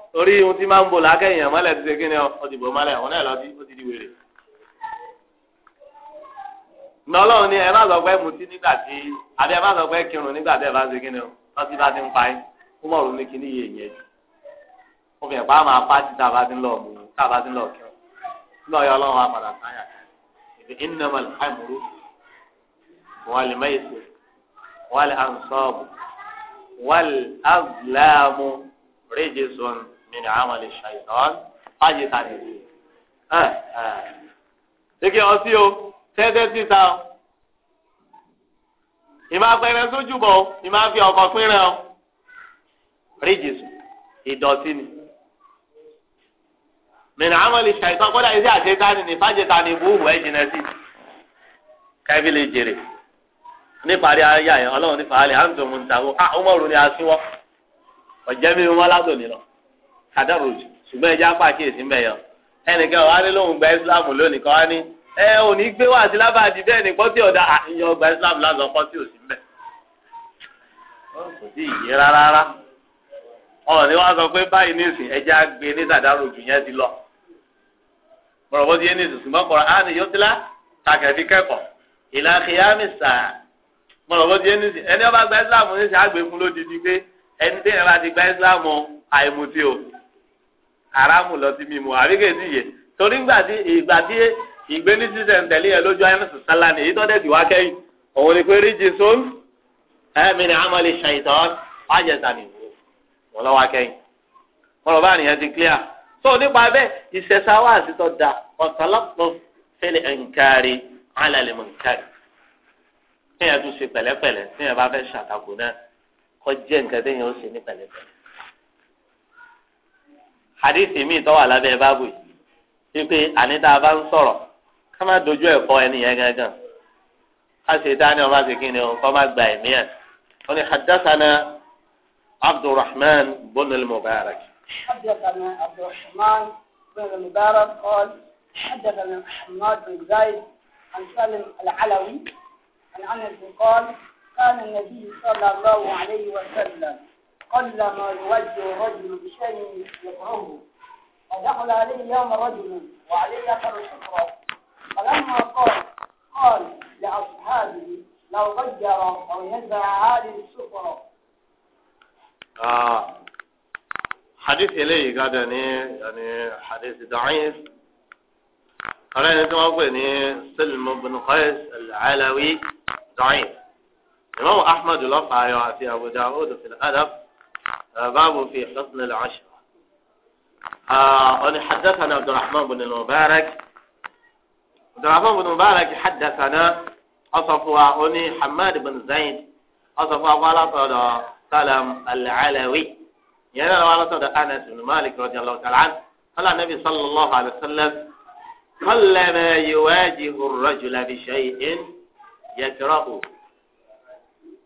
torí ohun tí máa ń bò lákẹ́yìn mọ́lẹ̀ ti ṣe kí ni ọdìbò mọ́lẹ̀ òun náà lọ sí ó ti di wèrè. nọlọ́run ni ẹ má sọ pé mutí nígbà tí àbí ẹ má sọ pé kírun nígbà tí ẹ bá ṣe kí ni o lọ́sí bá ti ń pa yín kó mọ̀ ronú kí ní iye yẹn jù. ó fi máa pa títà bá ti ń lọ mú tá a bá ti ń lọ kírun. ọlọ́run á padà sáyà ìdí innamal من amali الشيطان، fáyé ta ni sí ṣéke ọtí o tẹ́tẹ́ títa o ìmọ̀ apẹ̀rẹ̀ sójú bọ̀ o ìmọ̀ afi ọkọ̀ pínrẹ̀ o rígìsù ìdọ̀tí ni min amali shaitan kódà iṣẹ́ àṣetáni ní fájẹta ni búhù ẹ̀ jìnà sí kẹ́bí lè jèrè níparí ayé àyẹ̀ ọlọ́run nípa alẹ́ àǹtọ̀mùntàwọ̀ àwọn ọmọ òrùn ni a sí wọ́n ọ̀jẹ́ mímu wọn látòlè tadarruj ṣùgbọ́n ẹja pàkíyèsí mbẹ yọ ẹnìkan wà á ní lóhùn gba islam lónìí kan wá ní ẹ ò ní gbé wá sí lábàdí bẹ́ẹ̀ ní kọ́tí ọ̀dà àyàn ah, gba islam lásán kọ́tí ò sí mbẹ. kò sí ìyẹ rárá ọ̀rọ̀ ni wọ́n sọ pé báyìí nísìn ẹja gbé ní tadarruj yẹn ti lọ mọ̀rọ̀bọ́ ti yé ní ìsìn ṣùgbọ́n kọ̀ọ̀rọ̀ á ní yóò tilá kàkẹ́fì kẹ́kọ̀ọ́ ìlà kìyàmì sàá mọ̀lọ́bọ́ ti ẹni ẹni ọba gba islam ní sàgbẹ́kun ló di di pé ẹni tí ẹni bá ti gba haramu lọ sí mímu àríkèsí yẹ torí ìgbà tí ìgbà tí ìgbéni sísẹ ń tẹ̀lé yẹn lójú ayélujára sàlá ni èyí tó dẹ̀ ti wá kẹ́yìn òun ni pé ríjì sóun ẹ̀mí ni amọ̀lẹ̀ ṣàìtàn wájẹ̀sà ni wọ́n lọ́wọ́ kẹ́yìn wọ́n lọ bá nìyẹn ti clear so nípa bẹ́ẹ̀ ìṣẹ̀ṣà wà àtìtọ́ da ọ̀tọ̀lọ́pọ̀ fẹ́lẹ̀ ẹ̀ǹkárí alàlẹ́ mọ̀ǹkárí kéèyàn tún ṣe pẹ̀lẹ́pẹ̀lẹ́ kéèyàn bá fẹ́ ṣàtàkùn náà kọjá nǹkan téèyàn ó ṣe ní pẹ̀lẹ́pẹ̀lẹ́ hadithi mi tó wà lábẹ́ báàbù yìí wípé àní tá a bá ń sọ̀rọ̀ ká má dojú ẹ̀ kọ ẹni yẹn gangan ká ṣe dání ọba ṣe kíni o kọ́ má gba ẹ̀mí ẹ̀ wọ́n hadassana abdulrahman bonal mubarak. حدثنا عبد الرحمن بن المبارك قال حدثنا حماد بن زايد عن سالم العلوي عن انس قال كان النبي صلى الله عليه وسلم قلما يوجه رجل بشيء يكرهه فدخل عليه يوم رجل وعليه اثر شكرا فلما قال قال لاصحابه لو غير او يزرع هذه السفره آه. حديث إليه قاعد يعني يعني حديث ضعيف أنا يعني أنت أقول يعني سلم بن قيس العلوي ضعيف الإمام أحمد لفع في أبو داود في الأدب باب في حسن العشرة آه، أنا حدثنا عبد الرحمن بن المبارك عبد الرحمن بن المبارك حدثنا أصفوا أني حماد بن زيد أصفوا قال صلى سلم العلوي يعني لو على صدى أنس بن مالك رضي الله تعالى عنه قال النبي صلى الله عليه وسلم قلما يواجه الرجل بشيء يكرهه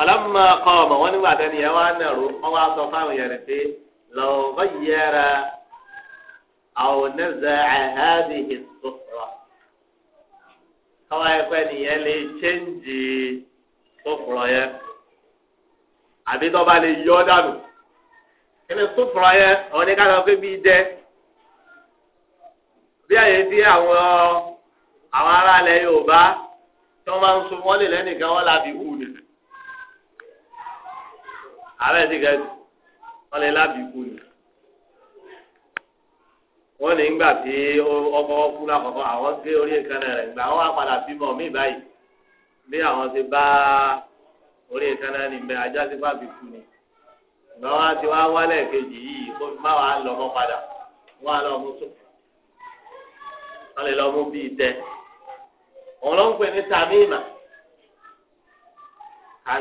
ọlọ́mọ kọ́ ọmọ wọn nígbà tẹ́ni yẹn wá nàró wọn wá sọ fáwọn yẹn pé lọ́wọ́ bá yẹra àwọn nẹ́zẹ̀ àhádì ìsọ̀rọ̀ káwọn ẹgbẹ́ nìyẹn lè ṣéǹjì sọ̀rọ̀ yẹn àbí tó bá lè yọ dànù ẹni sọ̀rọ̀ yẹn ọ̀ní ká lọ pé bíi dẹ́ bí àyè dí àwọn àwọn aráàlẹ̀ Yorùbá tí wọ́n máa ń ààrẹ ti gẹ wọn lè lábì kú ni wọn lè ń gbà pé ọkọ rẹ orí ìkànnì rẹ̀ gbà wọn apàdà bímọ mi báyìí bí àwọn ti bá orí ìkànnì rẹ̀ níbẹ̀ ajá ti bá bì ti wá kejì yìí kó má wàá lọ padà wọn á mú tó tẹ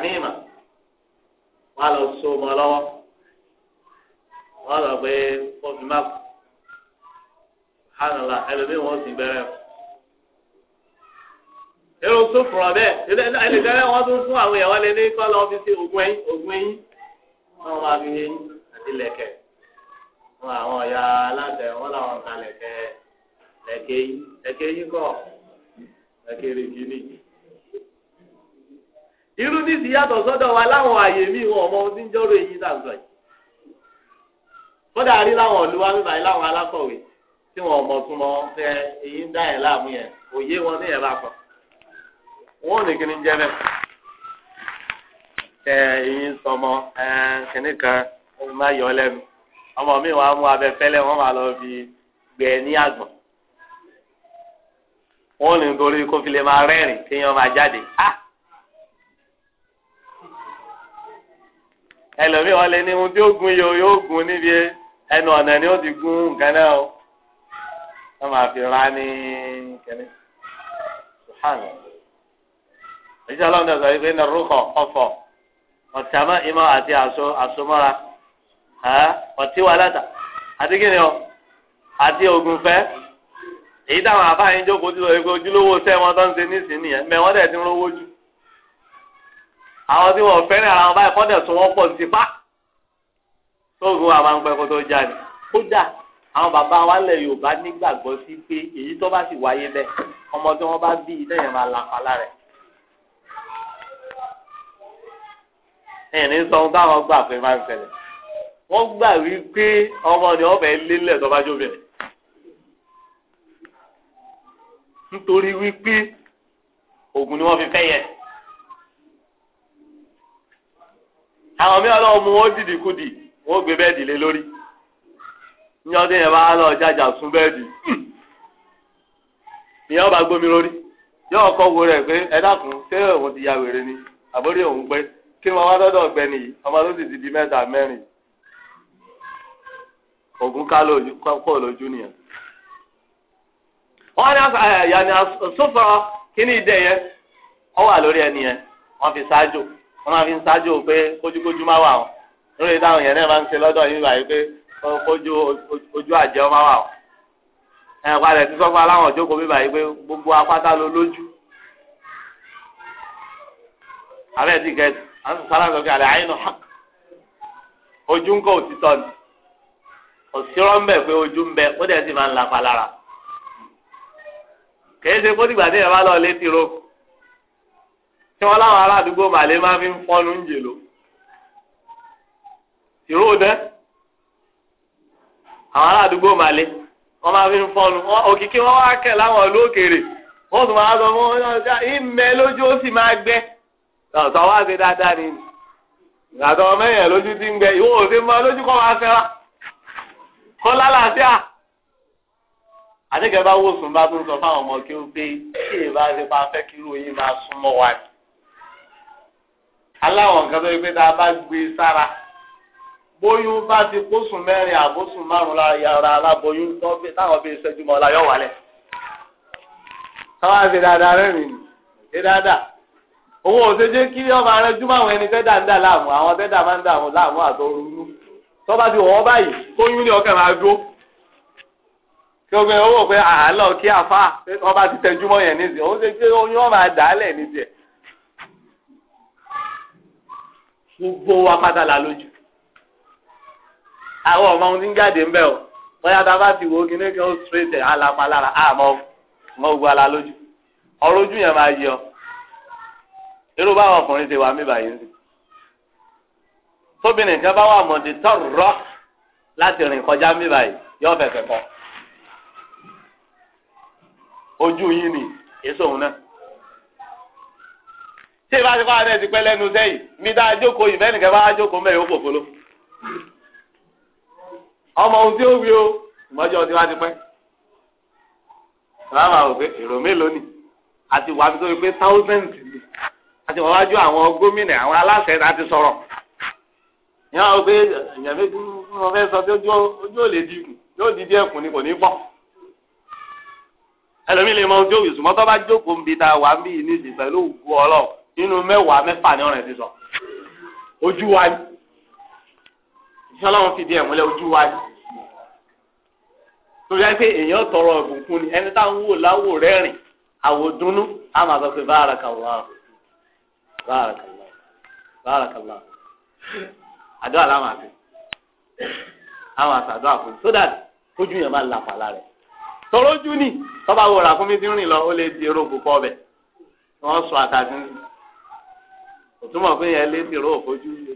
ni wọ́n á lọ so ọmọ lọ́wọ́ wọ́n á lọ pé wọ́n fi má kú hànàlà ẹlòmíì wọ́n sì bẹ̀rẹ̀ o. èrò tó fọ̀rọ̀ bẹ́ẹ̀ ẹlẹ́dẹ̀rẹ́ wọ́n tún fún àwọn ìyàwó lẹ́ni kọ́ lọ́wọ́ fi ṣe ògùn ẹyin ògùn ẹyin wọ́n máa fi ẹyin àti lẹ̀kẹ̀ wọn àwọn ọ̀yà aláṣẹ wọn làwọn ta lẹ̀kẹ̀ lẹ̀kẹ̀ yín lẹ̀kẹ̀ yín kọ̀ lẹ̀kẹ̀ rìndínì irú nísì yàtọ̀ sọ́dọ̀ wa láwọn àyè mi wọn ọmọ ohun tí ń jọ́rọ̀ èyí tà ń sọ yìí kódà rí láwọn olúwa mi báyìí láwọn alákọ̀wé tí wọn ọmọ túmọ̀ fẹ́ èyí ń dá ẹ̀ láàmú yẹn òye wọn ní ẹ̀rọ akọ wọn ò ní kí ni jẹ bẹ́ẹ̀ ẹ èyí ń sọmọ ẹ kìnnì kan ẹ má yọ lẹ́nu ọmọ mi wàá mú abẹ́fẹ́lẹ́ wọn máa lọ fi gbẹ ní àgbọ̀n wọn ò ní nítorí kó fi lè máa rẹ́rìn kéèyàn máa jáde ah. ẹlòmíì wọn lè ní ohun tí ó gun yìí yóò gun níbi ẹnu ọ̀nà ni ó ti gun nǹkan náà o wọ́n máa fi ra ní kẹ́ni sùhánù ìṣe ọlọ́run náà sọ wípé ní rúkọ̀ ọ̀fọ̀ ọ̀tàmọ́ ìmọ̀ àti àsomọ́ra ọ̀tí wà látà àti kí ni ọ àti ògùnfẹ́ èyí táwọn àbáyé jókòó ti sọ wípé ojúlówó sẹ́wọ̀n tó ń ṣe nísìnyí ẹ̀ mẹ́wọ́n dẹ̀ ti ń rówó jù àwọn tí wọn fẹ́ràn ara wọn báyìí kọ́dẹ̀ tún wọ́n pọ̀ sí pa tóògùn wa máa ń pẹ́ kó tó já ni kódà àwọn bàbá wa lẹ̀ Yorùbá nígbàgbọ́ sí pé èyí tó bá sì wáyé bẹ́ẹ̀ ọmọ tí wọ́n bá bí iná yẹn máa làpá lára ẹ̀. ẹ̀yìn sọ ohun táwọn gbà pé máa ń ṣẹlẹ̀ wọ́n gbà wí pé ọmọ ni wọ́n fẹ́ẹ́ lélẹ̀ tó bá jó bẹ̀rẹ̀ nítorí wí pé oògùn ni wọ́n fi fẹ́ yẹn. àwọn mí ọlọ́run mú wọn dìdì kudì wọn gbé bẹ́ẹ̀dì lé lórí ní ọdún yẹn bá lọ jàjà sún bẹ́ẹ̀dì ìyá ọba gbómi lórí yóò kọ́ wo rẹ̀ pé ẹ dákun ṣé òun ti ya wèrè ni àbórí òun gbé kí wọn wá dọ́dọ̀ ọgbẹ nìyí ọmọ tó sì ti di mẹ́ta mẹ́rin ògùn ká kọ́ lójú nìyẹn. wọ́n ní yanni sọ́fọ̀ ọ wà lórí ẹni yẹn wọ́n fi ṣáájú. wọ́n máa fi ń ṣáájú pé kójúkójú má wà ọ́ lórí táwọn yẹn náà máa ń ṣe lọ́dọ̀ yìí wáyé pé kójú ojú àjẹ́ má wà ọ́ ẹ̀ padà ti sọ fún aláwọ̀ jókòó bíbá yìí pé gbogbo apáta ló lójú abẹ́ ti gẹ̀ẹ́sì àwọn sọ̀rọ̀ àgbẹ̀ àlẹ́ àyínú hàn ojú ń kọ́ òtítọ́ ni òsirọ́ ń bẹ̀ pé ojú ń bẹ ó dẹ̀ sì máa ń lapa lára kèé ṣe kó dìgbà tí ẹ bá lọ létí ro tí wọ́n láwọn ará àdúgbò màlẹ́ máa fi ń fọ́nù ń jèlò ìró dẹ́ àwọn ará àdúgbò màlẹ́ wọ́n máa fi ń fọ́nù òkìkí wọ́n wá kẹ̀ láwọn ìlú òkèèrè wọ́n tún máa sọ fún wọn ìmẹ̀ lójú ó sì máa gbẹ́ ọ̀sán wá ṣe dáadáa ni àtọ̀ mẹ́yìn lójú ti ń gbẹ ìwọ ò ṣe mọ lójú kọ́ máa fẹ́ra kọ́ lálàáfíà àdékẹ́ bá wò sùn bá tún sọ fáwọn ọmọ kí ó pé kí èèyàn fẹ́ kí irú máa súnmọ́ wa ni aláwọn nǹkan tó yẹ pé tá a bá gbé sára bóyún bá ti kóṣùn mẹ́rin àbóṣùn márùn lára aláboyún táwọn bíi ìṣẹ́jú mọ́ ọláyọ̀ wálẹ̀ táwọn àti dáadáa rẹ́rìn ní ṣe dáadáa owó òṣèjé kí ọba rẹ júmọ́ àwọn ẹni tẹ́dà ń dà láàmú àwọn tẹ́dà máa ń dà àwọn láàmú àtọrunú tọ́ba ti wọ̀ ọ́ báyìí tóyún ní ọkàn máa dúró kí ọgbẹ́ owó pé àhálọ̀ kí àfa ọba ti tẹjú mọ́ yẹn nídìí òun gbogbo wa pátá la lójú àwọn ọmọ ohun tí ń jáde ń bẹ o bóyá tá a bá ti wo kíní kan ó straight ẹ̀ alapa lára àmọ́ mọ́ gbogbo ala lójú ọ̀rọ̀ ojú yẹn máa yọ irú báwọn ọkùnrin ti wà mí báyìí ń sìn tóbìnrin kan bá wà mọ̀dé tọ̀rọ̀ láti rìn kọjá mí báyìí yọ fẹ̀fẹ̀ kọ ojú yín ni èso òun náà ṣé ìbá ti fáwọn ẹ̀ ti pẹ́ lẹ́nu sẹ́yìn mi dá ajókòó ìfẹ́ nìkan bá ajókòó mẹ́rin ó pòfolo. ọmọ ohun tí ó wí o ìmọ̀jọ́ ti wá ti pẹ́. ìbámu àwọn òfin èrò mélòó ni àti wà mí sórí pé thousands ni àti wọ́n wájú àwọn gómìnà àwọn aláṣẹ láti sọ̀rọ̀. ìyá wọn pé ìyàn méjì wọn fẹ́ sọ pé ojú ò lè di yóò di díẹ̀ kù ni kò ní pọ̀. ẹlòmíì lè mọ ohun tí ó wì sùn mọ́tọ́ bá jókòó ń bi ta wà ń bì ní ìsìn pẹ̀lú òkú ọlọ́run nínú mẹ́wàá mẹ́fà ní ọ̀rẹ́ sísọ ojú wa yìí iṣẹ́ ọlọ́run fìdí ẹ̀ múlẹ̀ ojú wa yìí torí pé èèyàn tọrọ ọ̀bùnkún ni ẹni tá à ń wò láwò rẹ́rìn àwò dùnnú á máa sọ pé bárakallah bárakallah bárakallah àdúrà láwọn àti àwọn àtàdúrà fún so that kójú yẹn máa làpà lára ẹ̀ tọrọ ojú ni tọ́ba wo ràkúnmí ti ń rìn lọ ó lè di eróògùn kọ́ ọbẹ̀ wọ́n sọ àtàdúrà kò túmọ̀ yẹn lé nìró òfojú ní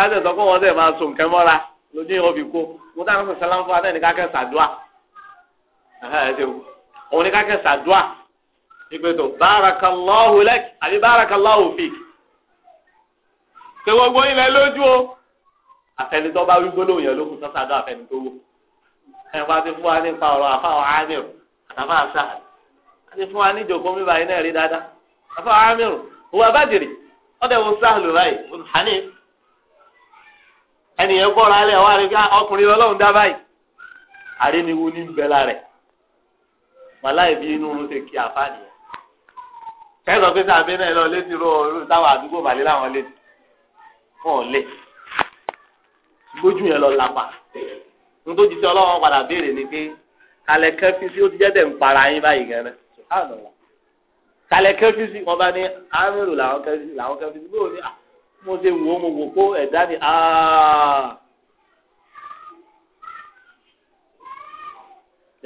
àádọ́ sọ pé wọ́n dẹ̀ máa so nǹkan mọ́ra lójú yẹn òbí kó mo dáná sọ sẹ́lá fún adé ní kákẹ́ sàdúà òun ní kákẹ́ sàdúà ìgbẹ́tọ̀ bárakàlọ́hù lẹ́k àbí bárakàlọ́hù fìk ṣe gbogbo ilẹ̀ lójú o àfẹni bá wí gbólóhùn yẹn ló kù sọ́sàdọ́ àfẹni tó wò ẹ̀yìn bá ti fún wa nípa ọ̀rọ̀ àfáwọ̀ ámìrù àtàfáà sáà àti fún wa níjòkó mi báyìí náà rí dáadáa àfáwọ̀ ámìrù òwò abájèrè ọdẹ wo sáàlù báyìí hanif ẹnìyẹn bọ́ra alẹ́ wa rẹ̀ ah, ọkùnrin ọlọ́run dá báyìí àréniwo ní bẹ́lá rẹ̀ màláì bí inú oorun ṣe kí àfáàní yẹn kẹ́sọ̀ pé sáà bẹ́ẹ̀ náà lọ létí ro ọ̀run táwọn àdúgbò màlẹ́ làwọn létí wọn ò lé gbójú yẹn lọ lápá nítorí jíjẹ ọlọ́run padà béèrè ni pé alẹ́ kẹ́fí sí ó ti jẹ́ tẹ̀ ń para yín báyìí gan-an talẹ̀ kẹfìsì wọn bá ní amírù làwọn kẹfìsì làwọn kẹfìsì bó o ní mo ṣe wò ó mo wò kó ẹ̀dá ni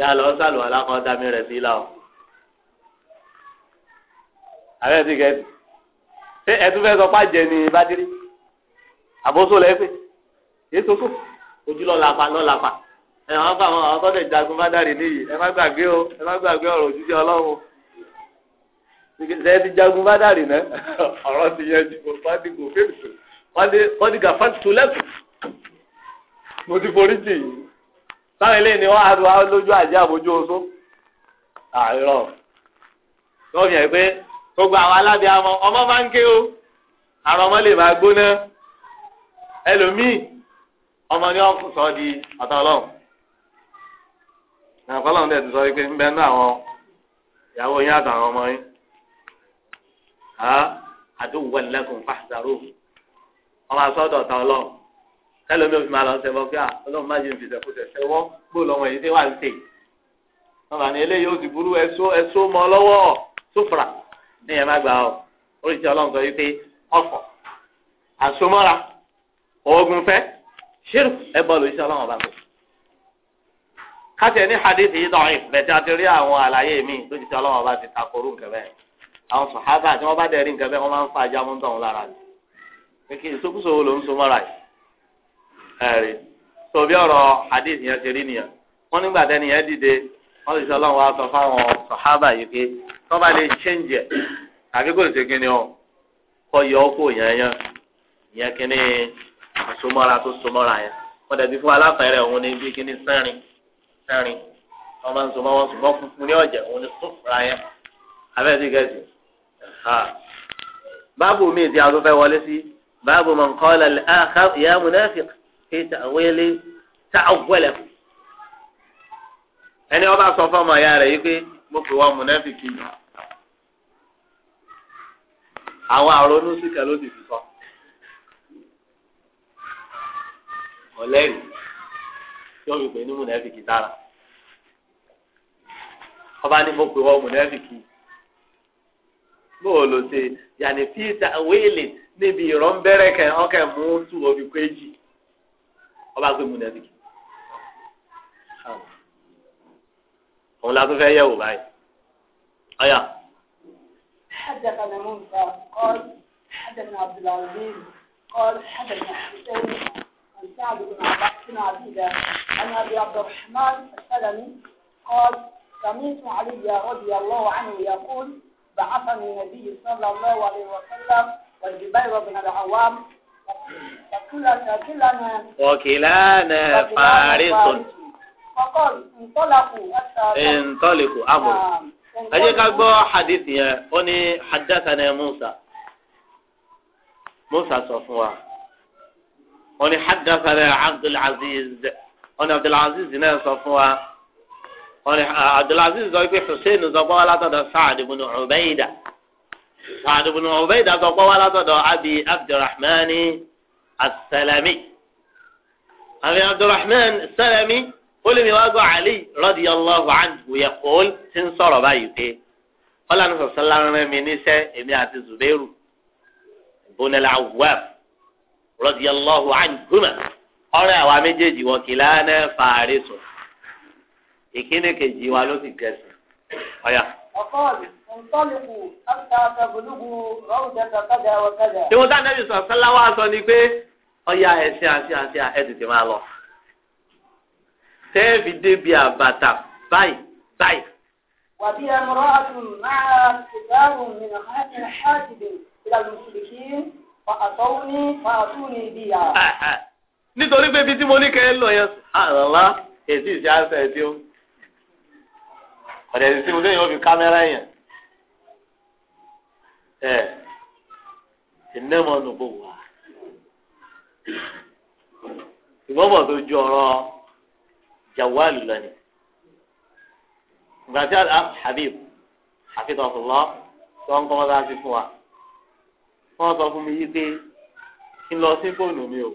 yà lọ sálùwà lákàn dami rẹ̀ sí la o àbẹ ti kẹ ṣé ẹtú fẹ́ sọ pàjẹ ní bátírì àbóso lẹ́pẹ́ ètò kù ojúlọ làpà lọ làpà ẹ̀ wọ́n fà wọn àwọn tọ́jú ìjagun bá dàrí níyì ẹ má gbàgbé o ẹ má gbàgbé ọ̀rọ̀ òjijì ọlọ́run sẹ́ẹ̀dì jagun bá dàrí náà ọ̀rọ̀ ti yẹn ju fadi kò fèrè tó fadi fadi kà fadi tó lẹ́kùn mo ti forí jì yìí táwọn eléyìí ni wọ́n á wá lójú àjẹ́ àbójú oṣó àìrọ̀ lọ́ọ̀fì ẹ̀ pé gbogbo àwọn alábẹ́ ọmọ ọmọ máa ń ké o àrùn ọmọ lè máa gbóná ẹlòmíì ọmọ ni wọ́n sọ di ọ̀tá ọlọ́run nàfọlọ́run dẹ̀ ti sọ wípé ń bẹ́ẹ̀ ní àwọn ìyàwó yín àtàwọn ọmọ yín àdúgbò lẹ́kùn fàṣàrò ọmọ asọ́dọ̀ ta ọlọ́run ẹlòmí òfin máa lọ sẹ bọ́ fíà ah, ọlọ́run má jẹ́ ìfìdẹ̀ kó tẹ̀sẹ̀ wọ́n gbó lọ́mọ èyí tí wà ń tè wọn bá ní eléyìí ó ti burú ẹsó ẹsó mọ lọ́wọ́ sófra ní ẹ̀ má gbà ọ́ oríṣi ọlọ́run sọ wípé ọ̀fọ̀ àsomọ́ra oògùn fẹ́ ṣírù ẹ bọ́ lóṣìṣẹ́ ọlọ́run ọba kò. káṣẹ ní hadith yìí dọ̀rin bẹ̀tẹ̀ àti rí àwọn àlàyé mi lóṣìṣẹ́ ọlọ́run ọba ti takoru nkẹ́ àwọn sàhábà tí wọ́n bá dẹ̀ nǹkan bẹ́ẹ̀ wọ́n máa ń fa ajá mú tọ̀hún lára ni pé kí ìsókúsò wo ló ń so mọ́ra yìí ẹ̀rí tó ọ̀rọ̀ hadith yẹn ṣe rí nìyẹn wọ́n nígbà tẹ́ni yẹn dìde wọ́n sì sọ wa sọ fáwọn sàhábà yìí pé tó bá lè change ẹ̀ àbí kò ṣe kíni o kọ́ yọ ọ́ kó yẹn yẹn yẹn kíni àsomọ́ra tó somọ́ra yẹn wọ́n dẹ̀ bí fún aláfẹ́rẹ́ òun ní bí kíni sẹ́rin sẹ́rin wọ́n máa ń somọ́ wọn sùn mọ́ ní ọ̀jẹ̀ òun ní sùn fúnra yẹn abẹ́ẹ̀ sì gẹ̀ẹ́sì báàbù mi ti àtúntò fẹ́ wọlé sí báàbù man qala al-akhar ya munafiq fi ta'wili ta'awwala ẹni ọba sọ fọmọ ya rẹ yìí pé mo pè wọ́n munafiq yìí àwọn àrònú síkà ló ti fi sọ ọlẹ́rìí tí wọ́n fi pè ní munafiq dára ọba ní mo pè wọ́n munafiq yìí. bóòlù ṣe yàní fíìtà wéèlì níbi ìrọ̀nbẹ́rẹ́ kẹ ọkẹ mú tù omi kéjì ọba gbé múnẹ́bí. òun la tún fẹ́ yẹ̀ wò báyìí. ọ̀yà. حدثنا موسى قال حدثنا عبد العزيز قال حدثنا حسين عن سعد بن عباس بن عبيده عن ابي عبد الرحمن السلمي قال سمعت علي رضي الله عنه يقول بعثني النبي صلى الله عليه وسلم والجبير بن العوام كلنا وكلانا فارس فقال انطلقوا انطلقوا امر نعم. اجي كاغبو حديث يا اني حدثنا موسى موسى صفوا اني حدثنا عبد العزيز انا عبد العزيز هنا صفوا wọn ni eh, abdulaziz sọ pé hussein sọ pé wọn látọ̀dọ̀ saad ibn ubaida saad ibn ubaida sọ pé wọn látọ̀dọ̀ abi abdulrahman asalami abi abdulrahman asalami olùmí wa gbọ́ ali radiyallahu anhu yaqul ti ń sọ̀rọ̀ báyìí pé wọn lànà sọ̀sọ́ lánàá mi níṣẹ́ èmi àti zubairu bunal awwaf radiyallahu anhuma ọ̀rẹ́ àwa méjèèjì wọ̀kìlá náà fàárí sọ̀rọ̀. ìkíni kejì wa ló sì gẹ̀ẹ́sì. ọ̀yà. ọ̀kọ́ọ̀lù ntọ́lùkù ọ̀tà tàbùlùkù rọ́ọ̀dẹ̀ta kájà wọ́kájà. tí wọ́n dáná bí sọ̀tún láwọn aṣọ ni pé ọ̀yà ẹ̀sìn àti àti ẹ̀ tètè máa lọ. tẹ́ẹ̀fì débi àbàtà báyìí báyìí. wàbí ẹmọ̀rọ̀ àtùn máa ṣùgbọ́n mi náà ṣáàtì nítorí pé ibi tí mo ní kẹ́ ẹ lọ yẹn àlọ́lá ọ̀dẹ̀ ti sinmi lẹ́yìn òfin kámẹ́rà yẹn ẹ̀ ìnẹ́mọ̀ nùgbò wà ìgbọ́mọ̀ tó ju ọ̀rọ̀ jawalu lọ́ni gbàtí Habib àfitọ̀fọ̀lọ́ tó ń kọ́ láti fún wa wọ́n sọ fún mi yí pé kí n lọ sí fóònù mi o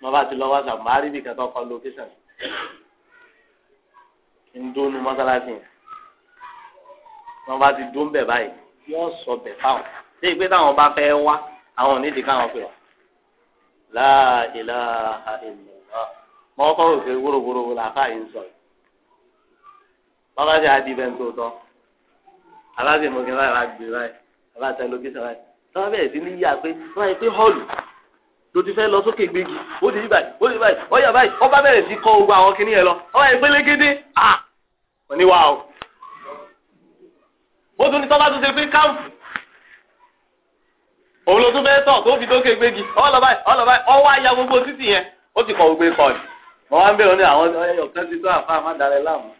mo bá ti lọ wá sàmárí nìkan tó kọ lókẹ́sàn ń dónú mọ́sálásí yẹn wọ́n bá ti dún bẹ̀ báyìí wọ́n sọ bẹ̀ fáwọn ṣé ìgbé táwọn bá fẹ́ wá àwọn onídìí káwọn pè wá la ilaha illallah mọ́ ọkọ̀ rò pé wóróworó làáfà yìí ń sọ yìí bàbá ṣe àdìbẹ̀ ń tó tọ́ aláṣẹ mọ̀kẹ́ báyìí wá gbé báyìí aláṣẹ lókè sọ báyìí tọ́wọ́ bẹ̀rẹ̀ sí ní yíyá pé wọ́n yẹ pé họ́ọ̀lù tó ti fẹ́ lọ sókè gbégi ó di báyìí ó di báyìí ọyà báyìí ọba bẹ̀rẹ̀ sí kọ ogun àwọn kìnìyàn lọ ọba ìpélégédé à oníwà o. ó tún ní tọ́ba tó ṣe pé káàmpù òun ló tún fẹ́ tọ̀ tó fi tókè gbégi ọlọ báyìí ọlọ báyìí ọwọ́ aya gbogbo títì yẹn ó ti kọ gbogbo ikọ̀ ni. mo máa ń bẹ̀rù ní àwọn ọ̀kan ti tó àfa má darẹ̀ láàmú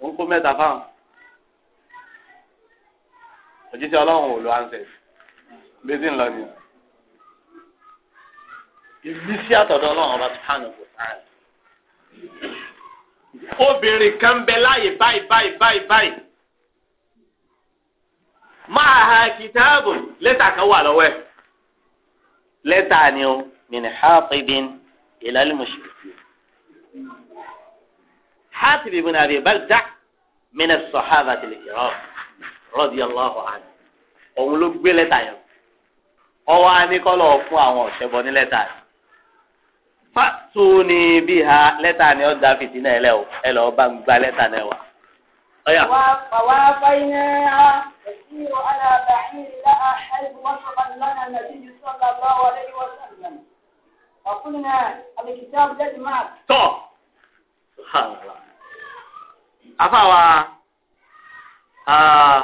òun kó mẹ́ta fáwọn. òjíṣẹ́ ọlọ́run ò lo ansẹ̀ bí ìmísí àtọ̀dọ̀ ọlọ́run ọba subhanahu wa ta'ala. obìnrin kan bẹ láàyè báyìí báyìí báyìí báyìí máa ha kìtáàbù lẹ́tà kan wà lọ́wọ́ ẹ̀ lẹ́tà ni o min haatibin ila al-mushrikin. Hatib ibn Abi Balta min as-sahabati al-kiram radiyallahu anhu òun ló gbé lẹ́tà yẹn ọwọ́ anikọ́lọ́ fún àwọn ọ̀sẹ̀ ní lẹ́tà yẹn fàtúni bí ha lẹ́tà ni ọ da fìtí náà lẹ́wọ̀ ẹ lọ́ọ́ bá ń gba lẹ́tà náà wà. ọ̀yà. wà á fàyínà ẹ̀sìn alábà ìlà àhẹ́lẹ́ wọ́sọ̀kan lọ́nà nàbíyí sọ́lá lọ́wọ́ lẹ́yìn wọ́sọ̀kan. ọ̀kúnnà àlèkìtàbù lẹ́dí máa. tọ́ afáwa ah,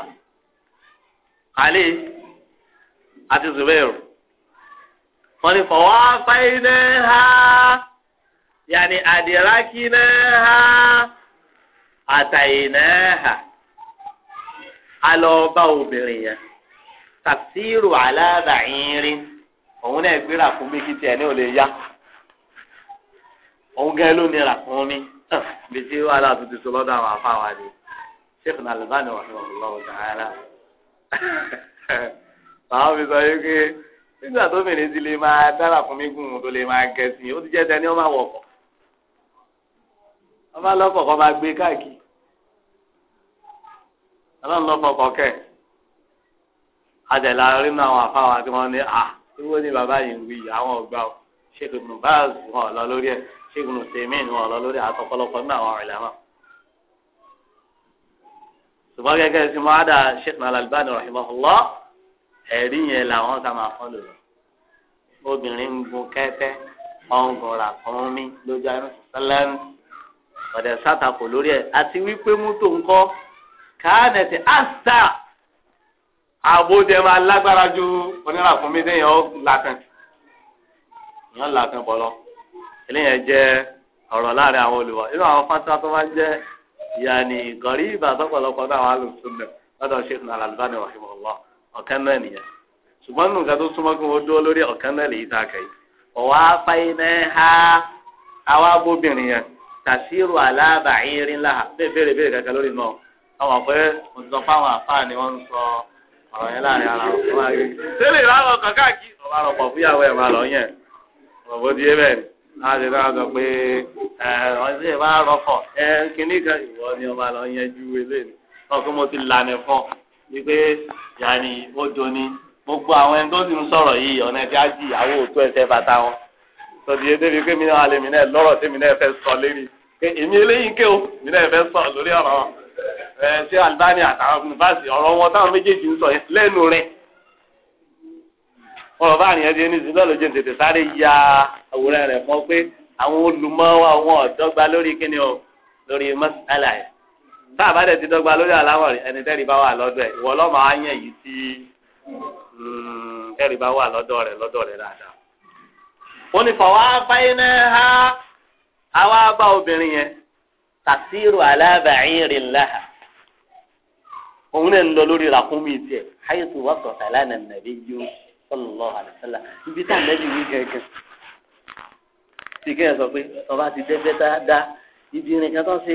Ali àti Zubairu wọ́n ní fọwọ́ afáyiná ha yàní àdìrákiná ha àtàyiná ha alọ́ọ̀bá obìnrin yẹn tàfsírù aláàbàyìnrín òun náà gbéra fún mi kí tiẹ̀ ní ò lè yá òun gẹ́ ló nira fún mi bí tí wàhálà tuntun sọ lọ́dọ̀ àwọn afáwa ni sheikh nalibani rahimahullah ta'ala. àwọn mi sọ yìí pé nígbà tó mèrè ti lè máa dára fún mi gùn tó lè máa gẹ̀sìn ó ti jẹ́ dání ọmọ àwọ̀kọ̀ ọmọ lọ́kọ̀ kọ́ máa gbé káàkiri ọlọ́run lọ́kọ̀ kọ́kẹ́ àtẹ̀lá rínú àwọn àfáwọn àti wọn ní à ìwọ ni bàbá yìí ń wí àwọn ọgbà o ṣéèkì nù wọn lọ lórí ẹ ṣéèkì nù wọn lọ lórí àtọkọlọpọ nínú àwọn ọ̀rẹ́ lẹ́mọ̀ ṣùgbọ́n gẹ́gẹ́ sí mọ́ àdá ẹ̀rí yẹn làwọn sá máa fọ́ lòlò obìnrin ń gun kẹ́tẹ́ ọ̀ngọ̀rà kan mí lójú ayé sẹ́lẹ̀m ọ̀dẹ̀ sátakò lórí ẹ̀ àti wípé mútò ńkọ́ káánẹ̀tì àṣà àbójẹ máa lágbára ju onírà fún mi déyàn ó làtàn èèyàn làtàn bọ̀lọ́ eléyàn jẹ́ ọ̀rọ̀ láàrin àwọn olùwà inú àwọn fásitì tó máa ń jẹ́ yàní gọ̀rí ìbàdàn pọ̀lọpọ̀ náà wà lóṣù náà lọ́dọ̀ Sheikh Al-Albani rahimahullah. ọ̀kan náà nìyẹn ṣùgbọ́n nínú nǹkan tó súnmọ́ kí wọ́n dúró lórí ọ̀kan lè yí ta kẹ́yìn ọ̀wá ha àwa bóbìnrin yẹn tàṣírò aláàbàáyín ńlá bẹ́ẹ̀ béèrè béèrè kankan lórí náà àwọn àpẹ fáwọn àfáà ni wọ́n ń sọ ọ̀rọ̀ yẹn láàrin ara ọkàn káàkiri fúyàwó ẹ̀ máa lọ yẹn náà wípé yanni ó doni gbogbo àwọn ẹni tó ti ń sọ̀rọ̀ yìí ọ̀nà ẹ̀fẹ́ ájì ìyàwó òtún ẹ̀fẹ́ bàtà wọn sọdí yé débi pé mi náà alẹ́ mi náà lọ́rọ̀ tí mi náà fẹ́ sọ lérí pé èmi eléyìí ké o mi náà fẹ́ sọ lórí ọ̀rọ̀ ẹ ṣé alibani àtàwọn yunifásitì ọ̀rọ̀ wọn táwọn méjèèjì ń sọ yẹn lẹ́nu rẹ̀ ọ̀rọ̀ bá àrìyàn díẹ̀ ní ìsìn jẹ́ tètè sáré ya àwòrán rẹ̀ mọ́ pé àwọn olùmọ̀ wa ọ̀dọ́gba lórí kíni o lórí mọ́sálà yẹn tá a bá dẹ̀ ti dọ́gba lórí aláwọ̀ rẹ̀ ẹni tẹ́rì bá wà lọ́dọ̀ ẹ̀ ìwọ lọ́mọ ayẹ̀ yìí tí mm, tẹ́rì bá wà lọ́dọ̀ rẹ̀ lọ́dọ̀ rẹ̀ dáadáa. ó ní fọwọ́ abáyiná ha àwa bá obìnrin yẹn tàṣírò alábàáyìnrì ńláha òun náà ń lọ lórí ràkúnmí tiẹ̀ haythu wasata lana nabiyyu sallallahu alaihi wasallam ibi tá a nẹ́bí wí gẹ́gẹ́ sì kẹ́ ẹ̀ sọ pé ọba ti dẹ́gbẹ́ta dá ibi ìrìn kan tó ṣe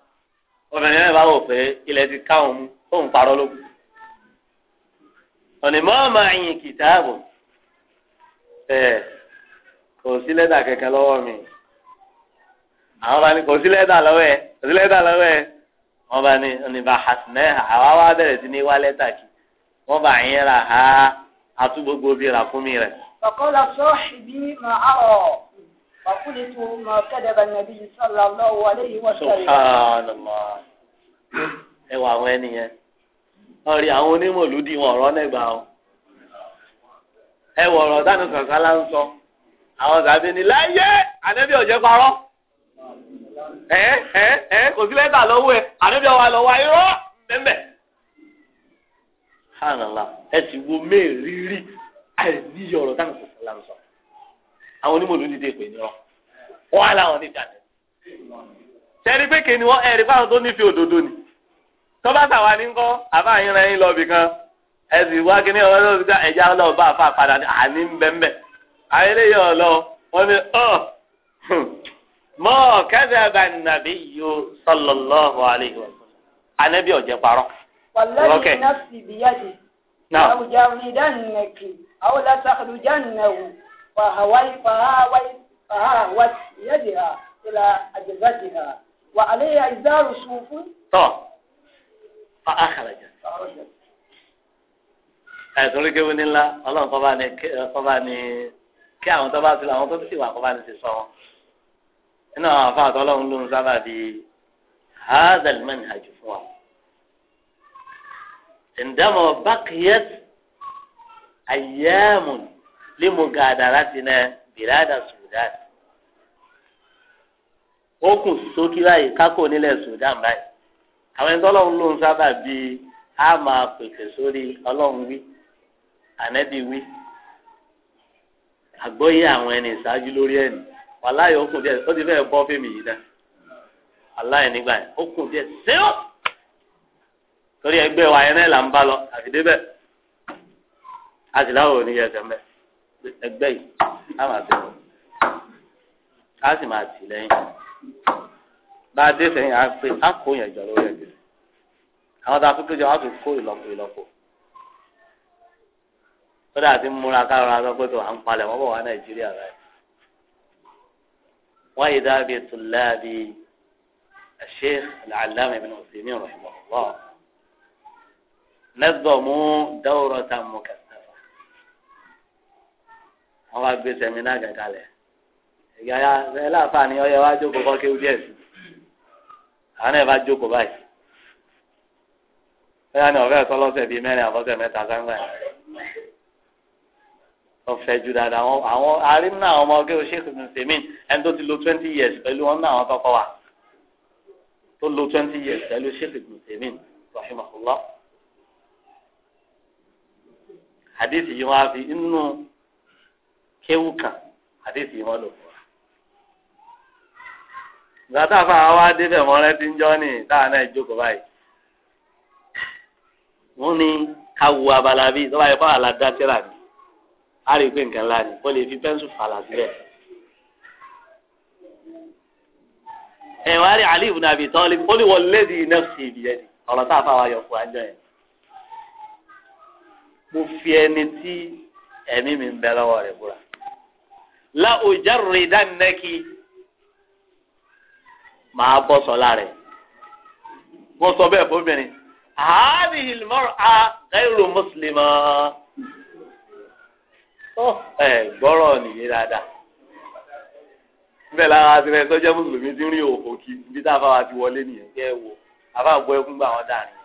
obìnrin náà bá wò pé ilẹ̀ ti ká òun tóun parọ́ ló kù ọ̀nìmọ́ ọmọ ẹ̀yìn kìtààbù ẹ̀ kò sí lẹ́tà kẹ̀kẹ́ lọ́wọ́ mi àwọn bá ní kò sí lẹ́tà lọ́wọ́ ẹ̀ kò sí lẹ́tà lọ́wọ́ ẹ̀ wọ́n bá ní ọ̀nìbà hasinẹ́ àwa wá bẹ̀rẹ̀ sí ní wá lẹ́tà kì wọ́n bá yín ra ha atú bí ra fún mi rẹ̀. ọ̀kọ́ la sọ́ọ̀ṣì màá rọ̀. فقلت ما كذب النبي صلى الله عليه وسلم سبحان الله ẹ wà àwọn ènìyàn ọrí àwọn onímọ̀lúdì wọn ọ̀rọ̀ nẹ́gbàá o ẹ wọ ọ̀rọ̀ dánù kankan lá ń sọ àwọn tàbí ni láyé ànẹ́bí ọ̀jẹ̀ parọ́ ẹ ẹ ẹ kò sí lẹ́tà lọ́wọ́ ẹ ànẹ́bí ọ̀wà lọ́wọ́ irọ́ mẹ́mẹ́ hànàlá ẹ sì wo mẹ́rin rí àìníyọ̀ ọ̀rọ̀ dánù kankan lá ń sọ. àwọn ni wọn wọn á láwọn nífẹ̀ẹ́ sẹ́ni pé kìnìún wọn ẹ̀rí fáwọn tó òdodo ni tọ́ba ní kọ́ àbá yín yín lọ bì kan ẹ̀sìn wá kí ní ọ̀rọ̀ lọ́wọ́ sí ẹ̀já ọlọ́wọ́ bá padà ní àní ọlọ́ wọn ni ọ mọ kẹsẹ̀ nàbí فهاوت يدها إلى أجزتها وعليها إزار صوف طب فأخرج فأخرجت ẹ̀sùn kéwìn ńlá ọlọ́run kọ́ bá ní kọ́ bá ní kí àwọn tó bá ti lọ àwọn tó ti wà kọ́ bá ní ti sọ wọn. àwọn àfáàtọ̀ ọlọ́run ló ń sábà di hazel manhaj fún wa. ǹdàmọ̀ bákìyẹ́t ayẹ́mùn لمجادرتنا بلاد السودان ó kùn sókí oku kákò Sudan báyìí àwọn ẹni tọ́lọ́run ló ń sábà bí a máa pèsè sórí ọlọ́run wí ànẹ́bí wí àgbọ́yé àwọn ẹni ìṣáájú lórí ẹ̀nì wàláyé ó díẹ̀ ó ti fẹ́ẹ́ bọ́ fèmí yìí náà wàláyé nígbà yẹn ó díẹ̀ torí ẹgbẹ́ wa ẹ̀rẹ́ là ń bá lọ ẹgbẹ́ yìí á máa bẹ̀rẹ̀ á sì máa tì lẹ́yìn bá a dé sẹ́yìn á pé á kó yẹn jọ lórí ẹgbẹ́ àwọn tá a tó kéjọ á tún kó ìlọ́po ìlọ́po kódà àti múra káàrọ̀ àtọ́gbé à ń palẹ̀ wọ́n bọ̀ wá nàìjíríà rẹ̀ wọ́n yìí dábìí tùlábì الشيخ العلامة ابن عثيمين رحمه الله نظموا دورة مكثرة wọn wá gbé sẹmínà kankalẹ ìgbà ya ẹ láǹfààní ọyẹ wá jókòó kọ́ kéwú díẹ̀ sí àwọn ẹ̀ bá jókòó báyìí bẹ́ẹ̀ ni ọ̀fẹ́ sọ lọ́sẹ̀ bíi mẹ́rin àbọ̀sẹ̀ mẹ́ta sáńgbà yìí ọ̀fẹ́ ju dáadáa àwọn àwọn arín ọmọ kéwú ṣèkù sèmí ẹni tó ti lo twenty years pẹ̀lú wọn náà wọn tọkọ wa tó lo twenty years pẹ̀lú ṣèkù sèmí rahimahullah hadith yìí wọn á fi inú kéwù kan àdéhùn ìmọ̀ ló fún wa. gbàtà fún àwa wá débẹ̀ mọ́rẹ́ tí ń jọ́ ní táwa náà jókòó báyìí. wọ́n ní ká abala bíi tó bá yẹ aládàtìrà ni a rí i pé nǹkan ńlá ni kó lè fi pẹ́ńsù fàlà síbẹ̀. ẹ̀ wá rí Ali ibn Abi Talib ó ní wọ́n lédi ni ọ̀rọ̀ tá a fà wá yọ fún àjọ yẹn. mo fi ẹni tí ẹ̀mí mi ń bẹ lọ́wọ́ rẹ̀ búra la òjàre dánilẹ́kì máa bọ́ sọ́lá rẹ̀ wọ́n sọ bẹ́ẹ̀ fóbìnrin ààbì ìlmọ́rọ̀ a gairu mùsùlùmọ́ ọ ẹ gbọ́rọ̀ nìyí dáadáa bẹ́ẹ̀ lára ti rẹ̀ sọ́jẹ́ mùsùlùmí ti rí òkì bí tá a fáwa ti wọlé nìyẹn kẹ́ ẹ wò àbá gbọ́ ẹkún gbà wọ́n dàrin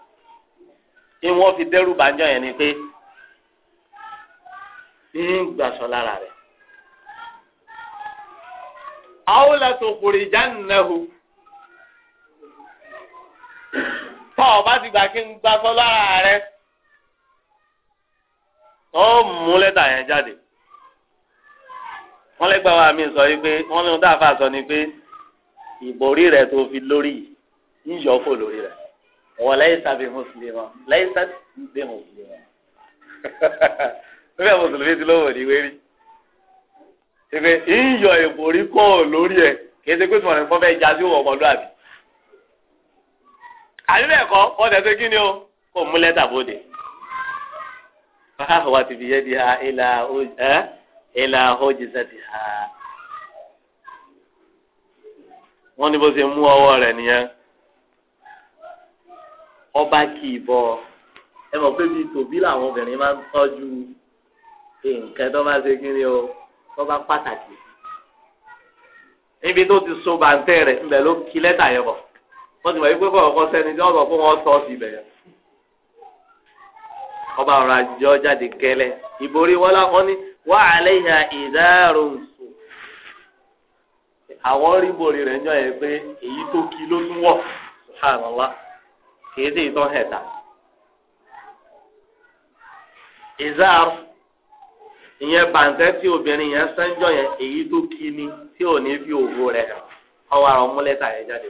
ni wọ́n fi dẹ́rù bàjọ́ yẹn ni pé ń gbàsọ lára rẹ̀ àwọn lẹ́tọ̀ kùrì jánnẹ́hu tọ́ ọ bá ti gbà kí n gbà sọ lára rẹ ó mú lẹ́tà yẹn jáde wọ́n lẹ́gbàá wa mi sọ yìí pé wọ́n ní ọdún àfa sọ ni pé ìborí rẹ tó fi lórí yíyọ kó lórí rẹ wọ́n lẹ́yìn sábẹ́ mùsùlùmí wọn lẹ́yìn sábẹ́ mùsùlùmí wọn bẹ́ẹ̀ mùsùlùmí ti lówó ní wérí ṣèpè ìyọ̀ ìkórí kọ́ lórí ẹ̀ kì í ṣe pé tìmọ̀lẹ́ fọ́ fẹ́ já sí òwò ọmọlúwàbí. àyẹ̀lẹ̀ ẹ̀kọ́ kọ́ tẹ̀sẹ̀ kí ni o kò mú lẹ́tà bóde. wàá ti fi yẹ́ di ha ìlà ojìṣẹ́ ti ha. wọ́n ní bó ṣe mú ọwọ́ rẹ̀ nìyẹn. ọba kì í bọ̀ ẹ mọ̀ pé bíi tòbí làwọn obìnrin máa ń tọ́jú nǹkan tó máa ṣe kí ni o. tọ́ba pàtàkì níbi tó ti so bàǹtẹ́ rẹ̀ ńbẹ̀ ló kí lẹ́tà yẹn bọ̀ wọ́n ti mọ̀ wípé kọ̀ọ̀kan sẹ́ni tí wọ́n fún wọn sí ọba ọ̀rọ̀ àjọ jáde kẹlẹ̀ ìborí wọn lákọ́ ní wà á ìdárò nsò àwọn rí borí pé èyí tó kí ló tún kì í ìyẹn bàǹtẹ́ tí obìnrin yẹn sẹ́ńjọ́ yẹn èyí tó kí ni tí ò ní fi òwò rẹ̀ hàn ọwọ́ àwọn múlẹ́tà yẹn jáde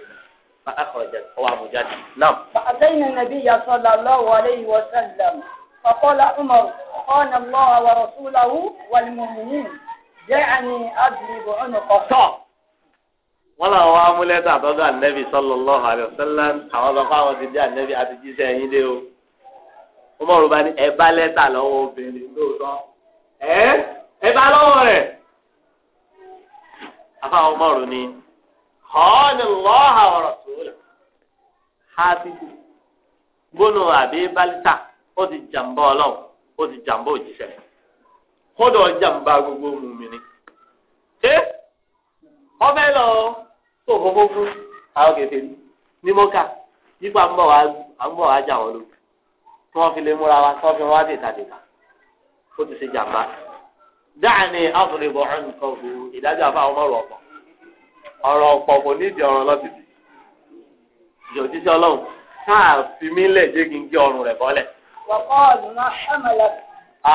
ọwọ́ àmújáde náà. فأتينا النبي صلى الله عليه وسلم فقال عمر قال الله ورسوله والمؤمنين جاءني أضرب عنقه. tọ́ wọ́n làwọn wá múlẹ́tà tọ́jú ànẹ́bí sallallahu alaihi wasallam àwọn sọ fún àwọn ti dé ànẹ́bí àti jíṣẹ́ yín dé o. ó mọ̀rún bá ní bá lẹ́tà lọ́wọ́ obìnrin lóòótọ́. ee ẹ bá lọ́wọ́ rẹ̀ afáwọn ọmọọ̀rọ̀ ni kọ́ọ̀nì lọ́ọ̀hà ọ̀rọ̀ sùúrù hásìtì gbónú àbí bálítà ó ti jàǹbá ọlọ́run ó ti jàǹbá òjíṣẹ́ kódà jàǹbá gbogbo mùmìnì ṣé ọbẹ̀ lọ tó fọwọ́ fún àwọn kẹfẹ́ ní ń bọ̀ wá jà wọ́n wa tí wọ́n fi wá dèta dèta. ó ti ṣe jàmbá dáàni àfúnibọ̀ ọ̀nkọ̀ọ̀bù ìdájọ́ àfa ọmọ ọ̀rọ̀ ọ̀pọ̀ ọ̀rọ̀ ọ̀pọ̀ kò ní ìdí ọ̀rọ̀ lọ́sibí ìjọ̀jíṣẹ́ ọlọ́run káà fi mí lẹ̀ jẹ́ kí n gé ọrùn rẹ̀ bọ́lẹ̀. wọ́pọ̀ ọ̀dùn náà ṣàmìlẹ̀. a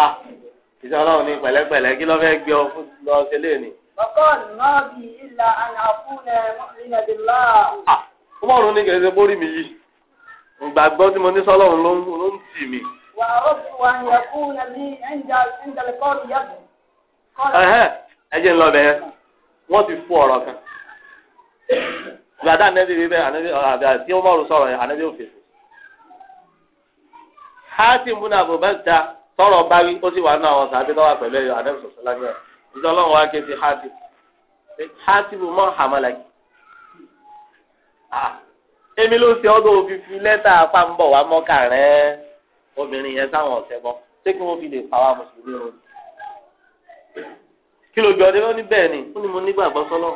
ìṣẹ́ ọlọ́run ní pẹ̀lẹ́pẹ̀lẹ́ kí ló fẹ́ gbé ọ fún lọ ṣe lé ní. wọ́pọ̀ ọ̀dùn náà bí ìlà àyàfúnẹ̀ mọ́rìnàdínlá. ọmọ ọ̀run ní kẹ̀kẹ́ bórí mi yìí ìgbàgbọ́ وأردت أن يكون لي ti fún ọ̀rọ̀ kan gbàdá ànábi bíbẹ́ ànábi àbí àti ọmọ ọ̀rọ̀ sọ̀rọ̀ hati múna tọrọ báwí ó sì wà nínú àwọn sàbí lọ́wọ́ pẹ̀lú ẹ̀yọ ànábi sọ̀sọ̀ lágbára ìjọ ọlọ́run wá ké sí hati hati bù mọ́ hàmàlàkì ah, èmi ló ṣe ọdún òfin fi lẹ́tà apá ń bọ̀ wá mọ́ obìnrin yẹn sáwọn ọ̀sẹ̀ bọ́ ṣé kí wọ́n fi lè pa wá mùsùlùmí o. kí ló bí ọdẹ ó ní bẹ́ẹ̀ ni ní mo sọ́lọ́.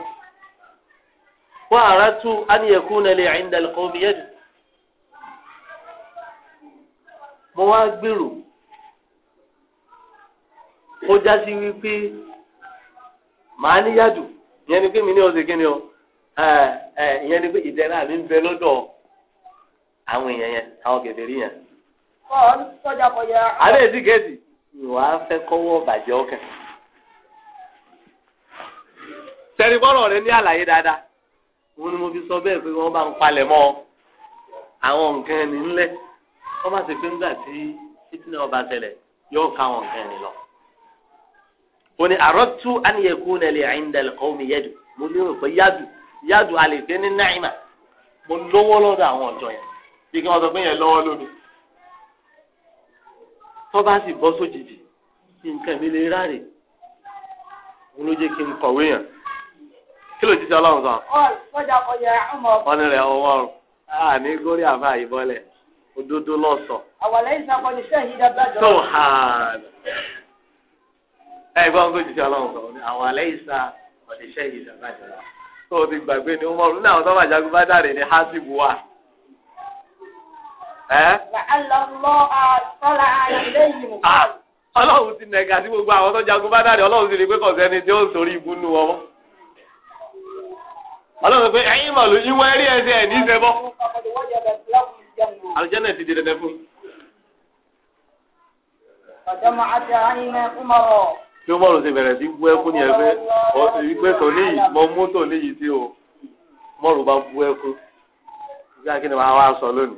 wọ́n ara tú kan omi yẹ́dù. mo wá gbèrò ó já sí wípé màá níyàdù ìyẹn ni pé mi ni o ìyẹn ni pé ìdẹ́rẹ́ àmì ń bẹ lọ́dọ̀ a èdè gẹ̀ẹ́dì ìwà fẹ́ kọ́wọ́ bàjẹ́ rẹ ní àlàyé dáadáa. Wọ́n ni mo fi sọ bẹ́ẹ̀ pé wọ́n bá ń palẹ̀ mọ́ àwọn nǹkan ẹni ńlẹ̀. Wọ́n bá ti pé ńgbà tí títí náà ṣẹlẹ̀ lọ. ní kọ́ yẹ́dù. Mo yádù yádù ní Mo lówó lọ́dọ̀ àwọn ọ̀jọ̀ yẹn. Bí kí tó bá sì bọ́ sójijì nǹkan mi lè ráre òun ló jẹ́ kí n kọ̀wé yàn kí ló ti sọ ọlọ́run sọ. ọjà kọjá ọmọ. wọn ní rẹ ọwọ́ ọrùn àní ah, górí àbá ìbọlẹ̀ òdodo lọ́sọ̀. àwọ̀lẹ́ ìsàkọ́ni sẹ́yìn dábàjọ́. tó hàn ẹ gbọ́n kó jìjọ ọlọ́run sọ ní àwọ̀lẹ́ ìsà ọ̀dẹ̀ṣẹ́ yìí dábàjọ́. tó o ti gbàgbé ni ó mọ̀ ọ́n náà tó bàjẹ́ agbábádàrè ni hásìbù wà. Ah, ọlọ́run ti nẹ̀ka sí gbogbo àwọn tó bá dáre ọlọ́run ti rí pé kọ̀sẹ́ni tí ó sórí ibú nu ọmọ. ọlọ́run pé ẹ̀yin mọ̀ ló yíwọ́ ẹ̀ ní àlùjẹ́nà ti di dandan fún mi. ọ̀dọ́mọ̀ àti àyìnbó kúmọ̀rọ̀. tí ó mọ̀rọ̀ sí bẹ̀rẹ̀ sí bú ẹkún ni ẹgbẹ́ ìgbẹ́ tòní yìí mọ mú o mọ̀rọ̀ bá bú ẹkún. bí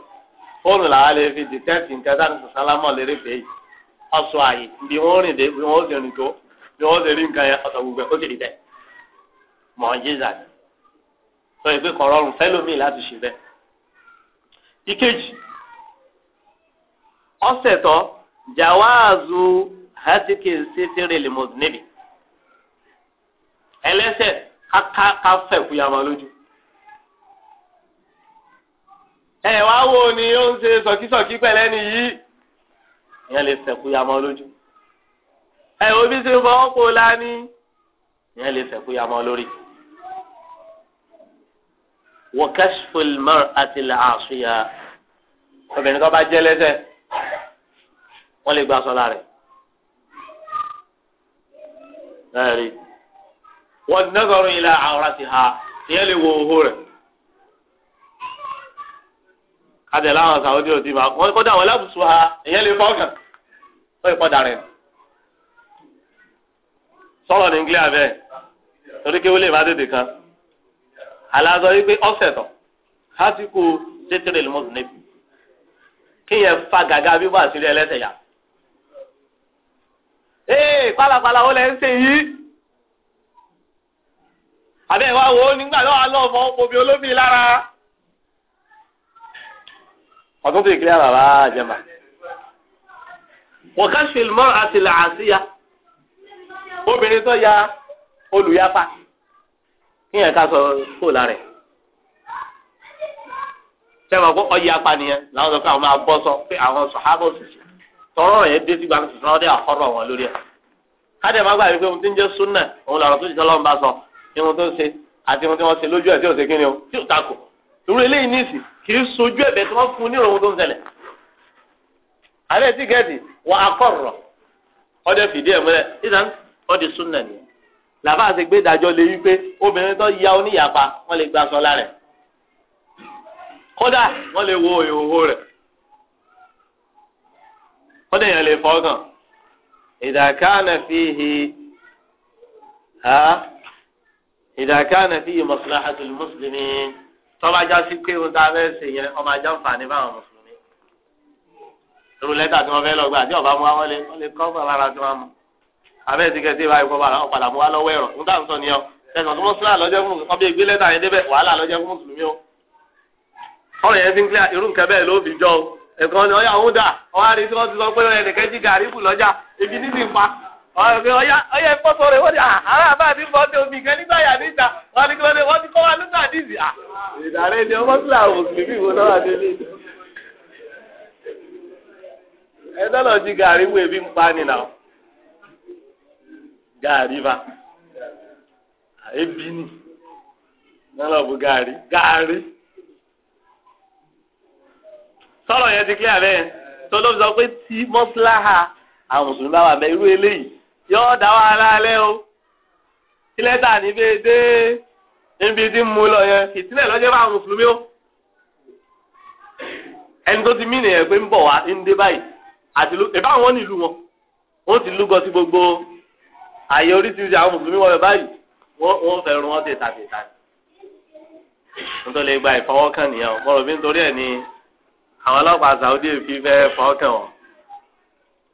fóònù làwọn lè fi dìtẹ́ǹtì nǹkan tá à ń sálámọ̀ lérí fèé yìí ọ̀sọ̀ àyè bí wọ́n rìn dé bí wọ́n sì rìn tó bí wọ́n sì rí nǹkan yẹn ọ̀sọ̀ gbogbo ẹ̀ ó sì rí bẹ́ẹ̀ mọ̀ ọ́n jíjà ni sọ ẹ wá wo ni ó ń ṣe sọkísọkí pẹ̀lẹ́ nìyí ìyẹn lè sẹ̀kú yamọ lójú ẹ wo bí ṣe fọwọ́ kó la ní ìyẹn lè sẹ̀kú yamọ lórí. wọ́n mọ́rọ̀ àti làásùyà obìnrin tó bá jẹ́ lẹ́sẹ̀ wọ́n lè gba sọ́la rẹ̀ wọ́n nẹ́gọ̀rọ̀ yìí la àwòrán ti ha ìyẹn lè wo òhó rẹ̀ adẹ̀ láwọn sàwọ́dí òdì máa wọ́n kọ́ dà wọ́n lábùsù ha ìyẹn lè fọ́ọ̀kàn ó yẹ kọ́dà rẹ̀. sọ̀rọ̀ ní ngílẹ̀ abẹ́ torí kí wọ́n lè má kan. aláàzọ yìí pé ọ̀sẹ̀ tọ̀ tètèrè lọ́mọ tó nẹ́bi kí yẹn fa gàgà bíbọ̀ àṣírí ẹlẹ́sẹ̀ yá. ee pálapàla ó ń ṣe yìí. àbẹ́ ìwà wo nígbà náà lọ́ọ̀ fọ́ ọtún ti kílíà bàbá àjẹmà. wọ́n ká ṣe mọ́ àti obìnrin tó ya olùyapa kíyàn ká sọ kó lára sẹ́wọ̀n kó ọyẹ apaniyẹn làwọn sọ àwọn máa bọ́ sọ pé àwọn sọ̀hábọ̀ òṣìṣẹ́ tọrọ yẹn dé sí gbàgbé sọ̀rọ̀ dé àkọ́rọ̀ wọn lórí ẹ̀ káde má gbàgbé pé ohun tí ń jẹ́ súnà òun làwọn tó ti sọ́lọ́run bá sọ ihun tó ṣe àti ihun tí wọ́n ṣe lójú ẹ̀ tí ò ṣe kí o tí ò takò lórí eléyìí níìsì kì í sojú ẹ̀bẹ̀ tí wọ́n fún ní òun tó ń ṣẹlẹ̀ alẹ́ tí gẹ̀ẹ́sì wà á kọ̀rọ̀ ọdẹ fìdí ẹ̀ múlẹ̀ ìdán ọdẹ súnà ni làbá àti gbé ìdájọ́ lé wípé obìnrin tó ya oníyàpá wọ́n lè gbà sọ lára kódà wọ́n lè wo ìhòòhò rẹ̀ wọ́n yẹn lè fọ́gàn ìdàkánà fìhì ha ìdàkánà fìhì maslahatul muslimin tọ́ba já sí pé ohun tá a fẹ́ ṣe yẹn ọmọ ajá ń fà ní fáwọn mùsùlùmí. irú lẹ́tà tí wọ́n fẹ́ lọ gbà tí ọba mu wa wọlé wọ́n lè kọ́ bàbá ara tí wọ́n mu. abẹ́ ti kẹ́ sí ibà ìfọ̀ padà mu wa lọ́wọ́ ẹ̀rọ ń dáhùn sọ nìyẹn tẹsán tó mọ́sálà lọ́jọ́ fún ọbẹ̀ ìgbé lẹ́tà yẹn débẹ̀ wàhálà lọ́jọ́ fún mùsùlùmí o. ọ̀rọ̀ yẹn ti ń kílẹ̀ irú nǹkan bẹ́ẹ̀ ló ọyẹ fọ́tọ̀ rẹ̀ wọ́n ti àhárà àbáàdì ń bọ́ dé omi gan nígbà yà níta ti wa nígbà à. ìdàrẹ́ ni ọmọ sílẹ̀ àwọn náà wà délé. ẹ dọ́lọ̀ jí gàrí wo ebi ń pa ni gàrí ebi ni sọ pé tí àwọn mùsùlùmí bá wà bẹ́ẹ̀ irú yóò dá wa lálẹ́ o tí lẹ́tà ní bẹ́ẹ̀ dé níbi tí ń mu lọ yẹn ìtìlẹ̀ lọ́jọ́ bá mùsùlùmí o ẹni tó ti mí nìyẹn pé ń bọ̀ wá ń dé báyìí àti lu ìbá wọn nílùú wọn wọn ti lúgọ sí gbogbo àyè oríṣiríṣi àwọn mùsùlùmí wọn báyìí wọn fẹ́ rún wọn tètà tètà nítorí gba ìfọwọ́kàn nìyẹn o mo rò bí nítorí ẹ̀ ni àwọn ọlọ́pàá Saudi fi fẹ́ fọwọ́kàn wọn.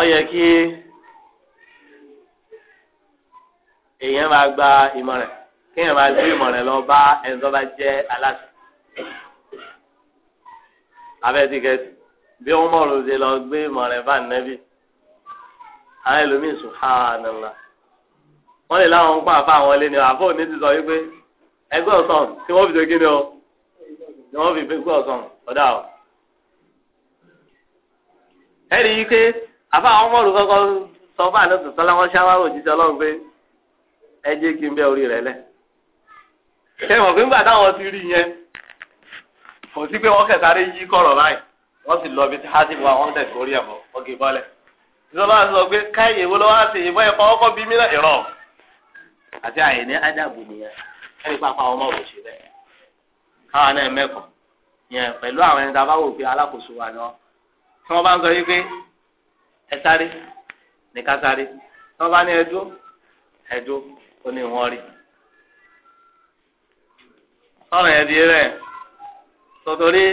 ó yẹ kí èèyàn máa gba ìmọ̀ràn kéèyàn máa gbé ìmọ̀ràn lọ bá ẹni tó bá jẹ́ aláṣẹ. abẹ́tíkẹ́tì bí wọ́n mọ̀rọ̀ ṣe lọ gbé ìmọ̀ràn bá nẹ́bí àwọn ẹlòmíín subhanallah wọ́n lè láwọn ń pa àfa ilé ni àfọ̀ òní ti sọ wípé ẹgbẹ́ ọ̀sán tí wọ́n fi ṣe kíni o ni wọ́n fi gbé ọ̀sán ọ̀dà o. ẹ̀rí yìí pé àfa àwọn ọmọlù kọ́kọ́ sọ fún àná tuntun láwọn ṣáwárò jíjẹ ọlọ́run pé ẹ jẹ́ kí n bẹ́ orí rẹ̀ lẹ̀ ṣé mọ̀ pé nígbà táwọn ti rí yẹn kò sí pé wọ́n kẹsàárẹ̀ yí kọ̀rọ̀ báyìí wọ́n sì lọ bí hásìlì wa wọ́n tẹ̀sí orí ẹ̀fọ́ wọ́n gé bọ́lẹ̀ ìṣọlá sọ pé káyé wo ló wá sí ìbọn ẹ̀fọ́ ọkọ̀ bí mí náà ìrọ̀ àti àyè ní ádàbò nìyẹn ẹni pápá ọmọ òwò ṣe káwọn náà mẹ́kọ̀ọ́ ẹ sáré ní ká tí wọ́n bá ní ẹdó ẹdó ó ní wọn rí sọ̀rọ̀ yẹn di rẹ̀ sọ̀tọ̀rí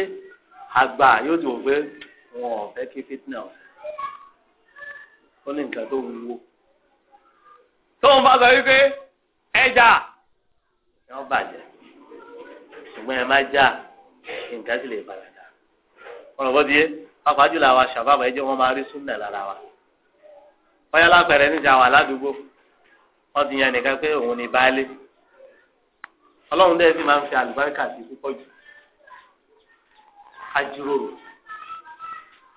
àgbà yóò ti wò pé wọn ò fẹ́ kí fitna ó ní nǹkan tó wúwo tóun bá sọ wípé ẹja yóò bàjẹ́ ṣùgbọ́n ẹ má já nǹkan sì lè balàdà ọ̀rọ̀ di yé. pàápàá jùlọ àwa ṣàbàbà ẹjẹ wọn máa rí súnmẹ lára wa báyọ lápẹrẹ níjà wà ládùúgbò wọn ti yan nìkan pé òun ni baálé Ọlọ́run dẹ́ẹ̀ sì máa ń fi àlùbáríkà sí púpọ̀ jù ajíròrò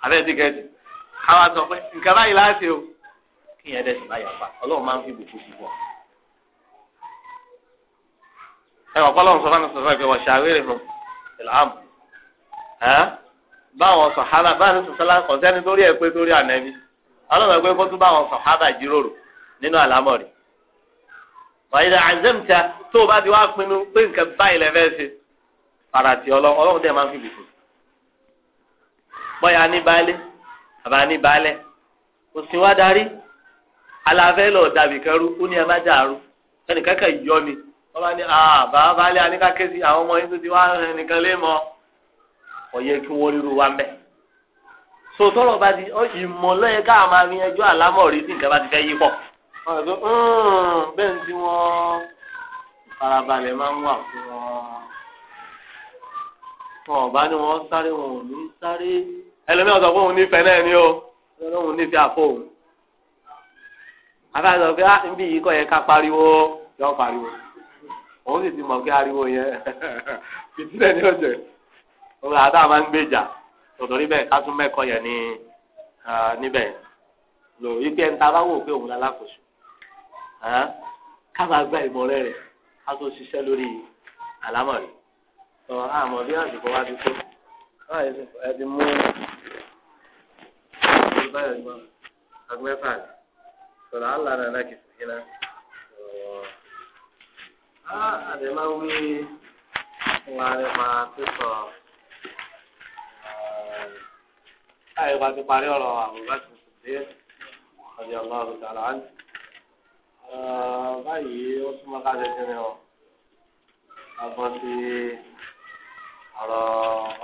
abẹ́ẹ̀ ti gẹ̀ẹ́dì káwa sọ pé nǹkan báyìí láti o kí yẹn dẹ̀ sì máa yàgbá Ọlọ́run máa ń fi bùkún sí bọ̀ ẹ wọ́n kọ́ Ọlọ́run sọ fún mi sọ fún mi pé wọ́n ṣàwérè fún ìlànà ẹ́. báwọn sọ̀hábà báwọn sọ̀sọ́lá kọ̀sẹ́ni torí ẹ̀ pé torí ànẹ́bí ọlọ́run pé kó tún báwọn sọ̀hábà jíròrò nínú àlámọ̀rí. wàyí àzẹ́mìtà tó o bá ti wá pinnu pé nǹkan báyìí lẹ́fẹ́ ṣe farati ọlọ́run máa ń fi bìtì. bọ́yá ní baálé àbá ní baálẹ̀ òsín wá darí aláfẹ́ lọ dàbí kẹrú ó ní dàrú ẹnì kẹ́kẹ́ yọ ni wọ́n bá ní ọ̀yẹ́ kí wọ́n ríru wa ń bẹ̀. sòtọ́rọ̀ bá ti ìmọ̀lẹ́ ká máa fi yanjú àlámọ̀rí tí ìjọba ti fẹ́ yí pọ̀. Hmm, bẹ́ẹ̀ ni tí wọ́n farabalẹ̀ máa ń wà fún wọn. wọn ò bá ní sáré wọn ò ní sáré. ẹlòmíràn sọ fún òun nífẹ̀ẹ́ náà ni ó ọlọ́run nífẹ̀ẹ́ àpò òun. àbá sọ pé ah, níbi yìí kọ́ yẹ ká pariwo yọ pariwo. òun sì ti mọ̀ pé ariwo yẹn fìtílẹ̀ ní ọ̀jẹ̀ òun àtàwọn máa ń gbèjà tòtòrí bẹ́ẹ̀ ká tún mẹ́kọ̀ọ́ yẹn ní níbẹ̀ lò wípé ẹni tá a bá wò pé òun lálákòóso ká máa gba ìmọ̀rẹ́ rẹ̀ ká tó ṣiṣẹ́ lórí àlámọ̀rí sọ àmọ̀ bí àsìkò wá ti tó ẹ ti mú báyọ̀ ní agbẹ́fà ni sọ̀rọ̀ àlà náà náà kìí fìyìnà ọ̀rọ̀ àdèmá wí wọn nípa láì wá ti parí ọ̀rọ̀ àbúrò àti ìṣẹ̀lẹ̀ ọ̀dẹ̀ ọlọ́run tààrà á ní. báyìí ó súnmọ́ ká ṣe kí ni ọ abọ́ sí ọ̀rọ̀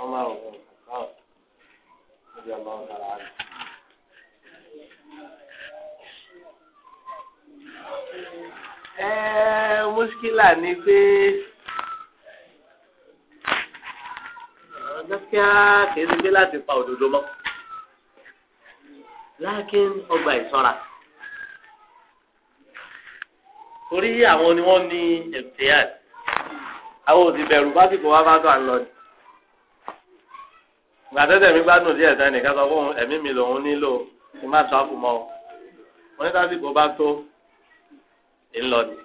ọmọ ògùn kàkọ́ ọ̀dẹ̀ ọlọ́run tààrà á ní. muskila ni pé lákín ọgbà ìṣọ́ra torí àwọn ni wọ́n ní ẹ̀fẹ́yàd àwọn ò sì bẹ̀rù básìkò wá bá tó à ń lọ ni gbàtẹ́tẹ̀ mi gbádùn díẹ̀ sẹ́ni ká sọ fún ẹ̀mí mi lòun nílò kí má tó àfùmọ́ o wọ́n ní sásìkò bá tó ńlọ ni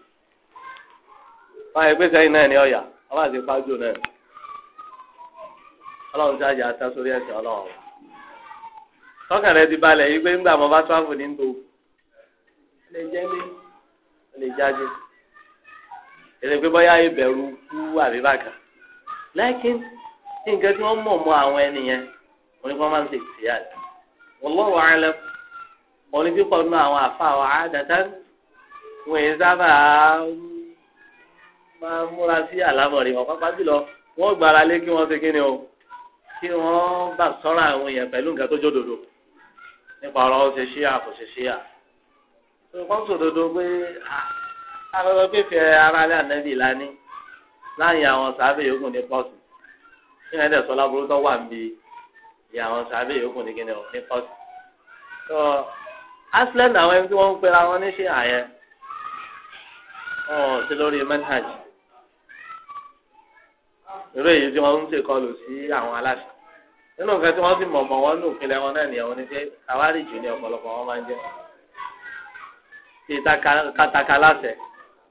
wọ́n yẹ pé sẹ́yìn náà ní ọ̀yà wọ́n bá ti pàjọ náà ọlọ́run ti àjà àtà sórí ọlọ́run tọ́kàn rẹ ti balẹ̀ yìí pé nígbà mo bá travel ní gbòó lè jẹ́ lé lè jáde èdè pé bóyá ìbẹ̀rù kú àbíbàkà lẹ́kìn nǹkan tí wọ́n mọ̀ mọ́ àwọn ẹnìyẹn wọ́n ní kí wọ́n máa ń ṣe ìṣìyà rẹ̀ wallahu a'lam wọ́n ní pípọ̀ nínú àwọn àfa àwọn àádọ́ta wọ́n èyí sábà máa ń múra sí àlámọ̀rí wọn pápá jùlọ wọ́n gbára lé kí wọ́n ṣe kí ni o kí wọ́n bá sọ́ra àwọn èèyàn pẹ̀lú nǹkan tó jódodo nípa ọ̀rọ̀ ó ṣe ṣíyà kò ṣe ṣíyà wọ́n sòdodo pé alọ́dọ́ pífẹ́ aráàlú ànábì lání láàyè àwọn sàábẹ̀ yòókù ní pọ́ọ̀sì kí ẹ̀dẹ̀ sọlá burú tó wà níbi ìyá àwọn sàábẹ̀ yòókù ní kíni ní pọ́ọ̀sì. tó asland àwọn ẹni tí wọ́n ń pera wọn ní ṣe àyẹ wọn ò lórí manhaj irú èyí tí wọ́n ń ṣèkọlù sí àwọn aláṣẹ nínú nǹkan tí wọ́n sì mọ̀mọ́ wọn ní òfin lẹ́wọ̀n náà nìyẹn wọn ni pé àwárí jù ní ọ̀pọ̀lọpọ̀ wọn máa ń jẹ́ ti kataka láṣẹ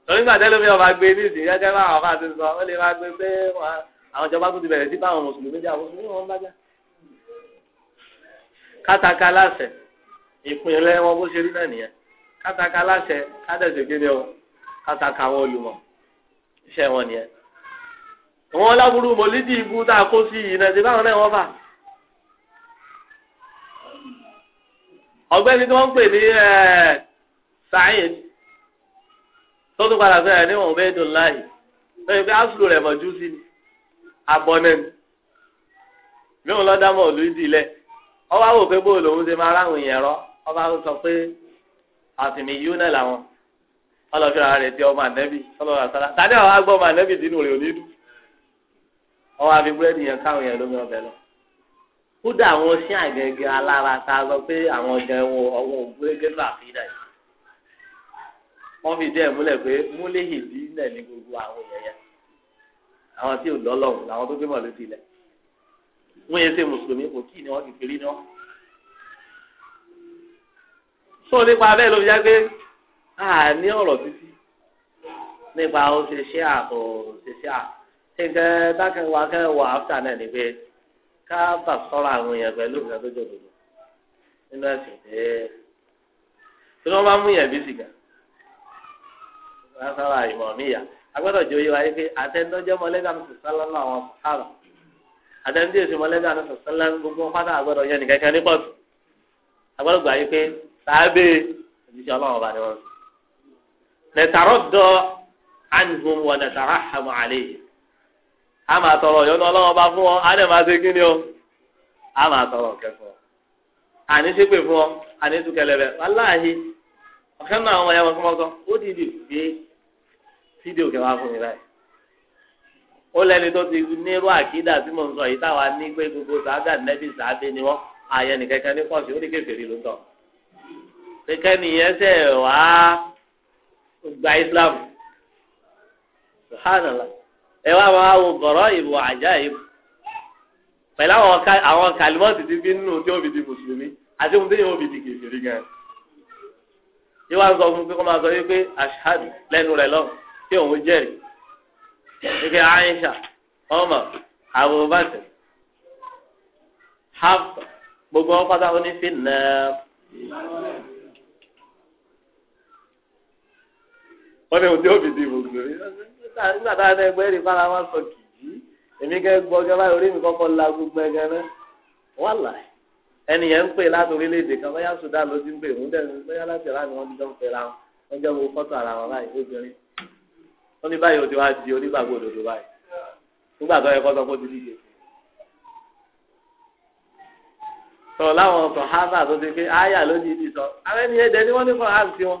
lórí gbàdé lómi ọba gbé ní ìsìn gẹ́gẹ́ bá àwọn máa ti sọ ó lè máa gbé pé àwọn ìjọba tó ti bẹ̀rẹ̀ sí báwọn mùsùlùmí jà mùsùlùmí wọn bá jà kataka láṣẹ ìpínlẹ̀ wọn bó ṣe rí náà nìyẹn kataka láṣẹ kádẹ̀sẹ̀ kéde o kataka wọn olùmọ̀ iṣẹ́ wọn nìyẹn wọn láburú mọ̀lídìí ibú tá a ọ̀gbẹ́ni tí wọ́n ń pè ní Sa'id tó tún padà sẹ́yìn ní Ubaidullahi lóyún pé áṣùlù rẹ̀ mọ̀jú sí ni abọ́nẹ́ni mi ò lọ dá mọ̀ òlù ìdílẹ̀ ọba wò pé bóòlù òun ṣe máa ráhùn yẹn rọ ọba sọ pé àfìmí yíú náà làwọn ọlọ́fíà rẹ̀ ti ọmọ ànẹ́bì ọlọ́run àṣàlá tàdé àwọn agbọ́mọ ànẹ́bì dínú rẹ̀ ò ní dùn ọwọ́ àfi búrẹ́dì yẹn káwọn yẹn lómi ọbẹ̀ lọ kódà àwọn ṣí àgẹ̀gẹ̀ alára ta lọ pé àwọn ọjà ẹ̀wọ̀n ọ̀wọ́n ògbérégé ló àfihàn yìí wọ́n fi dẹ́ múlẹ̀ pé múlẹ̀ ìdí náà ní gbogbo àwọn yẹ̀yẹ́ àwọn tí ò lọ́lọ́hùn làwọn tó gbémọ̀ lójú ilẹ̀ wọ́n yẹ ṣe mùsùlùmí kò kí ni wọ́n ti kiri náà. sọ nípa bẹ́ẹ̀ ló fi já pé a ní ọ̀rọ̀ títí nípa ó ṣe ṣé àtọ̀ ṣe ṣé à ṣe kẹ́ dákẹ́ wà kẹ́ wà áfíà náà ni pé káàbà sọ̀rọ̀ àwọn èèyàn pẹ̀lú nǹkan tó jọ gbogbo nínú ẹ̀sìn ẹ̀ tí wọ́n bá mú yẹn bí sìgá wọ́n sábà ìmọ̀ níyà agbọ́dọ̀ jẹ́ oyè wa yìí pé àtẹnudọ́jọ́ mọ́lẹ́dà ní sọ̀sálà náà àwọn sọ̀sálà àtẹnudí èsì mọ́lẹ́dà ní sọ̀sálà gbogbo fádà agbọ́dọ̀ yẹn nìkan kan ní pọ̀tù agbọ́dọ̀ gbà yìí pé sáábẹ̀ ìdíṣẹ́ ọlọ́run ọba ni wọ́n sọ. nẹ̀tàrọ̀ dọ́ ànihun wọ̀ nẹ̀tàrọ̀ àhàmù àlẹ́ yìí a máa tọrọ ìyọnu ọlọ́wọ́n bá fún ọ á dẹ̀ ṣe ni o a ma tọrọ kẹfọ àní ṣépè fún ọ àní tukẹlẹ bẹ wàláhì ọ̀kẹ́ náà àwọn ọmọ ọmọkọ́ ó dìde gbé fídíò kẹwàá fún mi báyìí ó lẹ́ni tó ti nírú àkídà tí mo ń sọ yìí táwa ní pé gbogbo sàádà Islam subhanallah. ẹ wá máa wo bọ̀rọ̀ ìbò àjà ìbò pẹ̀lú àwọn kàlímọ́ọ̀tì ti fi nínú tí ó fi di mùsùlùmí àti ohun tí yóò fi di kèfèrí gan. yóò wá sọ fún pé kó máa sọ wípé ashadu lẹ́nu rẹ̀ lọ́wọ́ kí òun jẹ́rìí wípé Aisha ọmọ Abubakar Hafsa gbogbo wọn pátá onífin náà. wọ́n ní ohun tí ó fi di mùsùlùmí nígbà tá a ní ẹgbẹ́ rẹ̀ fara wọn sọ kìjì èmi kẹ́ gbọ́ gẹ́ báyìí orí mi kọ́kọ́ la gbogbo ẹ̀gẹ́ náà wọ́n là ẹni yẹn ń pè láti orílẹ̀-èdè kan bóyá Sudan ló ti ń pè ń dẹ̀ bóyá láti ẹ̀rá ni wọ́n ti jọ ń pè ra wọn wọ́n jọ wo fọ́tò ara wọn báyìí obìnrin wọ́n ní báyìí o ti wá di onígbàgbọ́ òdòdó báyìí nígbà tó yẹ kọ́ sọ pé ó ti sọ̀rọ̀ láwọn sọ̀hábà ni wọ́n ní fọ́nrán sí wọn.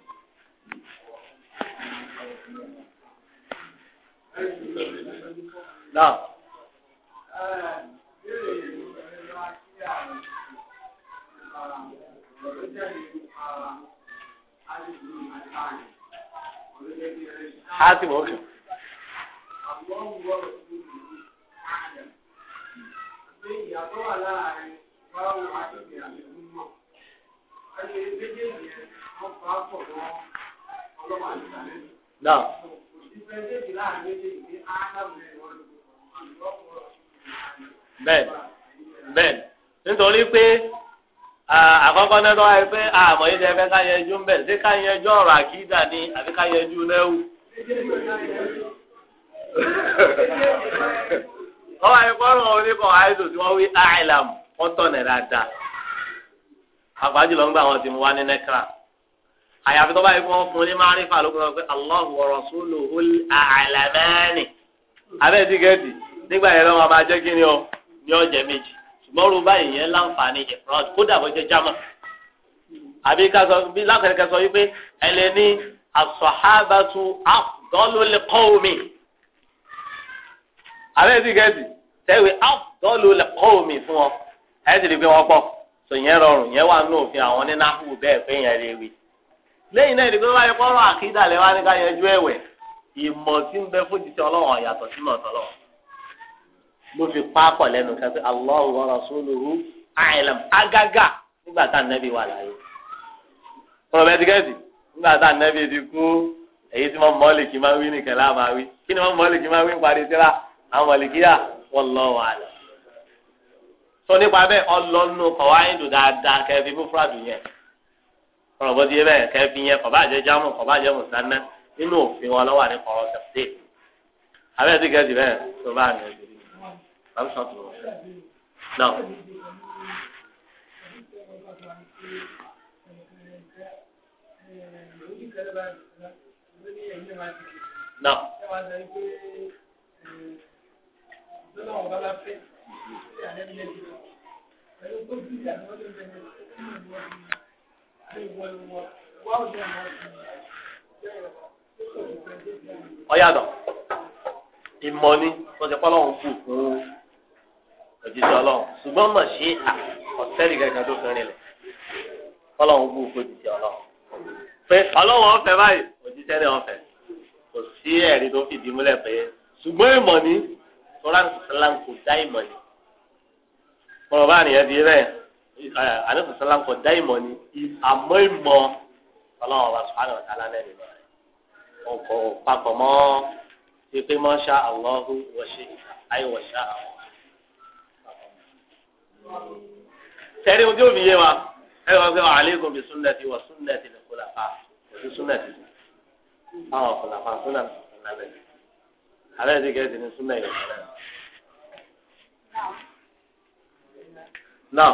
Náà. Hati mọ́kì. Ìyàtọ̀ wà láàárín báwo àti ìyàtọ̀ mọ́. Ẹni méjèèjì ẹ̀ wọ́n fà á pọ̀ mọ́ náà. bẹ́ẹ̀ bẹ́ẹ̀ nítorí pé àkọ́kọ́ náà wáyé pé àmọ́ yìí dẹ́fẹ́ ká yẹjú ń bẹ̀ ṣé ká yẹjú ọ̀rọ̀ àkídà ni àbí ká yẹjú lẹ́wù. wọ́n wáyé fọ́ọ̀rọ̀ oníkọ̀ àìsàn tí wọ́n wí àìlàm wọ́n tọ̀nà dáadáa. àgbájúlọ̀ ń gbà wọn ti mú wá ní nẹ́kírà àyàfi tó báyìí fún fún ní máa rí fà lóko sọ pé Allahu wa rasuluhu al-a'lamani abẹ́ẹ̀ ti gẹ̀ẹ́dì nígbà yẹn lọ́wọ́ máa jẹ́ kí ni ọ ní ọ̀jẹ̀ méjì ṣùgbọ́n ru báyìí yẹn láǹfààní ìfrọ́d kódà bó jẹ́ jámọ́ àbí ká sọ bí lákàtúnkà sọ wípé ẹlẹ́ ní as-sahabatu abẹ́ẹ̀ ti gẹ̀ẹ́dì tẹ́wé afdalul fún ọ ẹ̀ lẹ́yìn náà ìdígbé wáyé kọ́rọ̀ àkídà lẹ́wà ní ká yanjú ẹ̀wẹ̀ ìmọ̀ tí ń bẹ fójútì ọlọ́wọ̀n yàtọ̀ sí mọ̀ tọ́lọ́wọ̀n ló fi pápọ̀ lẹ́nu kan pé Allahu wa rasuluhu nígbà tá nẹ́bí wà láyé. ọ̀rọ̀ bẹ́ẹ̀ ti kẹ́sì nígbà tá nẹ́bí ti kú èyí tí wọ́n máa wí wí kí ni wọ́n máa ń parí síra àwọn kọ̀rọ̀ bó ti yẹ bẹ́ẹ̀ kẹ́ fi yẹn kọ̀bá àjẹ jámù kọ̀bá àjẹ mùsànná nínú òfin wọn lọ́wọ́ àní kọ̀rọ̀ tẹ̀sí. abẹ́ẹ̀ ti gẹ̀ẹ́sì bẹ́ẹ̀ tó bá àmì ẹ̀jẹ̀ bá sọ tó náà. náà. Thank ọ̀yàdọ̀ ìmọ̀ ni wọ́n ti pọ́n lọ́wọ́ fún fún òjijì ọlọ́run ṣùgbọ́n mọ̀ sí ọ̀sẹ́rì gẹ́gẹ́ tó fẹ́rẹ̀ lẹ̀ ọlọ́run bú fún òjijì ọlọ́run pé ọlọ́run ọ̀fẹ́ báyìí òjijì ẹni ọ̀fẹ́ kò sí ẹ̀rí tó fìdí múlẹ̀ pé ṣùgbọ́n ìmọ̀ ni tọ́lá ń kò dá ìmọ̀ ni. ọ̀rọ̀ bá nìyẹn di bẹ́ẹ̀ àdéhùn sọlá kò dá ìmọ̀ ni àmọ́ ìmọ̀ ọlọ́run ọba sùpàdé ọ̀tá lálẹ́ nìmọ̀ rẹ̀ wọn kò papọ̀ mọ́ pípé mọ́ ṣá àlọ́hu wọ̀ṣẹ́ àyè wọ̀ṣá àwọn. sẹ́rí ojú òbí yé wa ẹ wọ́n gbé wa alaykum bi sunnati wa sunnati lè kó làpá òsì sunnati báwọn kó làpá súnà lálẹ́ alẹ́ ti gẹ̀ẹ́sì ni súnà yóò fẹ́rẹ̀. Now.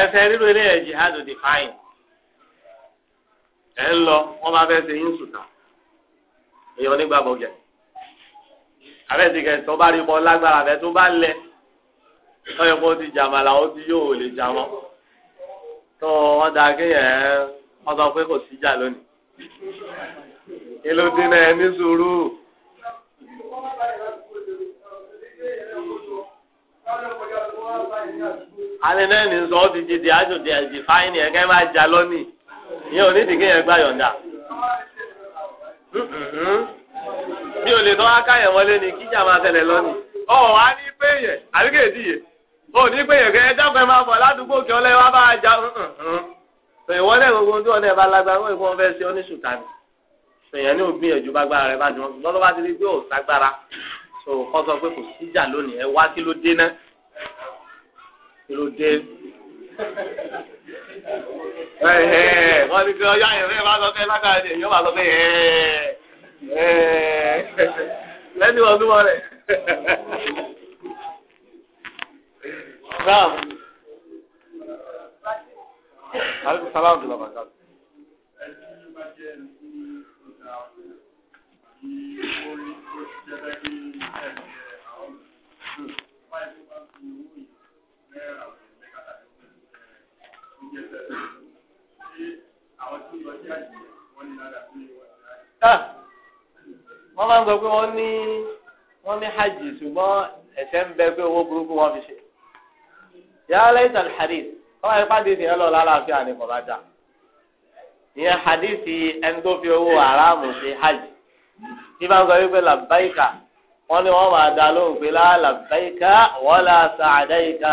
ẹsẹ ríro ilé ẹ jihad di fain ẹ ń lọ wọn bá fẹ́ ṣe yín sùtà èèyàn nígbàgbọ́ jẹ abẹ́sì kẹsàn-án bá rí bọ́ lágbára abẹ́ tó bá lẹ ọyọ kó ti jàmà làwọn ti yóò lè jà mọ́ tó wọn da kéèyàn ẹ wọn sọ pé kò síjà lónìí ìlú dín ẹ ní sùúrù. Thank you alinẹ́ni sọ ọ́ ti di di àjò di àjì fáyín yẹn máa jà lọ́nìí yẹn ò ìdíkẹ́ yẹn gbà yọ̀ǹda. mi ò lè tọ́wọ́ káyẹ̀ wọlé ni kíjà máa tẹ̀lẹ̀ lọ́nìí. ọ̀ á ní pé yẹn àríkè díye ò ní pé yẹn kẹ́ ẹ dákun máa bọ̀ ládùúgbò kí ọlẹ́ wa bá a jà. ìwọ gbogbo tí ọ̀nà ẹ̀ bá lágbára wọ́n ìfọwọ́ fẹ́ ṣe ọ́ ní sùtà ni. èèyàn ní òbí ẹ̀jú bágbára rẹ̀ bá jù lọ́lọ́ kí ló dé wọ́n ti kí ọjọ́ àyẹ̀fẹ́ bá sọ pé lágbára ni èyí ó bá sọ pé lẹ́nu ọdún wọn rẹ̀. Naam. Aleykum salaam wa rahmatulah. Thank you. Ah, wọ́n máa ń sọ pé wọ́n ní wọ́n ní hajj ṣùgbọ́n ẹ̀ṣẹ̀ ń bẹ pé owó burúkú wọn fi ṣe. yàrá lẹ́yìn tàn hadith wọ́n máa ń pàdé ìdíyẹn lọ lálàáfíà ní kọ̀ọ̀bá dà. ìyẹn hadith ẹni tó fi owó aráàmù ṣe hajj. bí máa ń sọ wípé wọ́n ní wọ́n máa dá lóhùn pé làbáyìká wọ́n là sàdáyìká.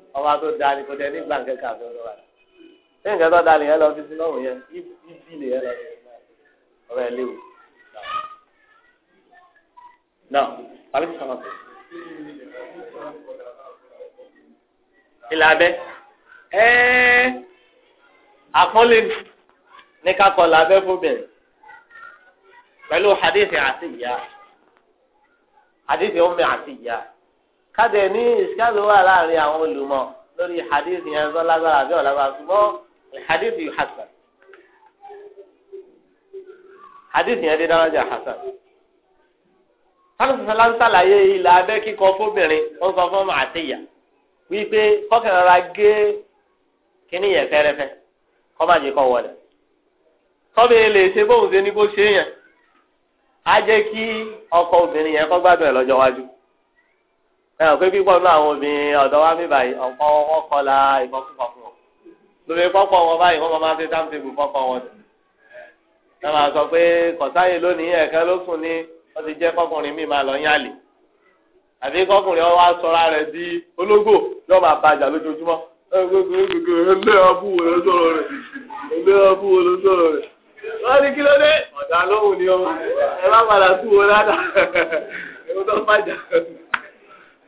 ọba tó da ni kò dé nígbà kẹkẹ àti ọdọ wa ṣé nǹkan tó da nìyẹn lọ fi sí lọ́rùn yẹn ibi nìyẹn lọ ọba ẹ léwu náà wàá fi sọmọ pé ilà abẹ ẹẹ àpọ́nlé ní kakọ làbẹ fóbìnrin pẹ̀lú hadith àti ìyá hadith ọmọ àti ìyá káde ní ìṣkáàlù wà láàrin àwọn olùmọ̀ lórí hadith yẹn tó lágbára àbí ọ̀lágbára ṣùgbọ́n hadith yìí hasan hadith yẹn dé dáwájà hasan sálùsù sálá ń sàlàyé ilà abẹ́ kíkọ fóbìnrin ó ń sọ fún ọmọ àtìyà wípé kọ́kànlára gé kíní yẹn fẹ́rẹ́fẹ́ kọ́ má jẹ́ kọ́ wọlé tọ́bi lè ṣe bóun ṣe ní bó ṣe yẹn á jẹ́ kí ọkọ obìnrin yẹn kọ́ gbádùn ẹ̀ lọ́jọ́ wájú ẹ ò pé pípọ̀ nínú àwọn obìnrin ọ̀dọ́ wa mi báyìí ọ̀pọ̀ wọn kọ́ la ìfọkúfọ̀ fún wọn lóbi pọ́pọ̀ wọn báyìí wọ́n máa ṣe táǹtìbù fọ́pọ̀ wọn sí. ẹ máa sọ pé kọ̀sáyè lónìí ẹ̀kẹ́ ló sùn ní wọ́n ti jẹ́ kọkùnrin mi máa lọ yálè àbí kọkùnrin wa sọra rẹ̀ di ológbò yóò máa bàjà lójoojúmọ́ ẹlẹ́ abúwo ló sọ̀rọ̀ rẹ̀ ẹlẹ́ abúwo ló sọ̀rọ̀ rẹ̀ wọ́n ní kí ló dé ọ̀dà lóhùn ni ọ ẹ má padà tú wo rárá ẹ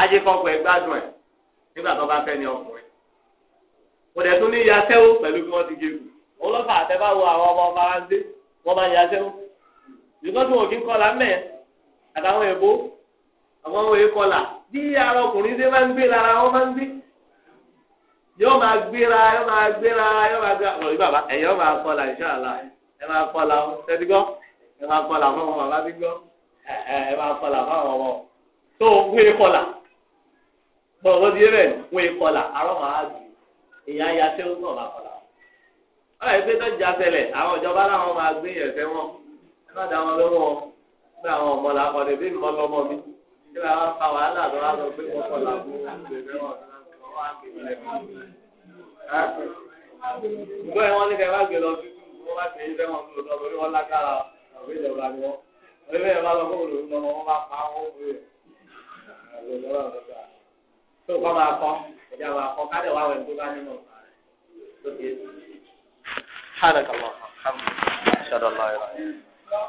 ajé kọkọ ẹ gbádùn ẹ nígbà tó bá fẹ́ ní ọkùnrin kò tún ní yasẹ́wó pẹ̀lú bí wọ́n ti gé ọlọ́fà àtẹ́bá wo àwọn ọmọ faransé wọ́n bá yasẹ́wó nìkan tí wọn kì mẹ́ àtàwọn àwọn bí ara ọkùnrin ṣe máa ń gbé lára wọn máa ń gbé yóò máa gbéra yóò máa gbéra yóò máa gbéra ọ̀rọ̀ ẹ máa ọ máa fún ọmọ bàbá máa fún bọ̀ wọ́n di ẹ̀rẹ̀ wọ́n ìkọlà àrọ́ màá dù ìyá ya tẹ́ ó náà bá kọlà. ọ̀rọ̀ ìgbé tó jà tẹ́lẹ̀ àwọn ìjọba làwọn máa gbé yẹn fẹ́ wọn ẹ má dá wọn lọ́wọ́ gbé àwọn ọmọ làkọ̀ ní bí mo lọ́mọ mi kí wọ́n á fa wàhálà tó lọ gbé wọn kọlà fún ìgbọ́ ẹ̀ ní kẹ́ bá gbé lọ sí wọ́n bá tẹ̀yìn tó kọ́ máa kọ́ ẹ̀jẹ̀ àwọn akọ́ ká dẹ̀ wá wẹ̀ tó bá nínú ọ̀sán rẹ̀ tó ti é.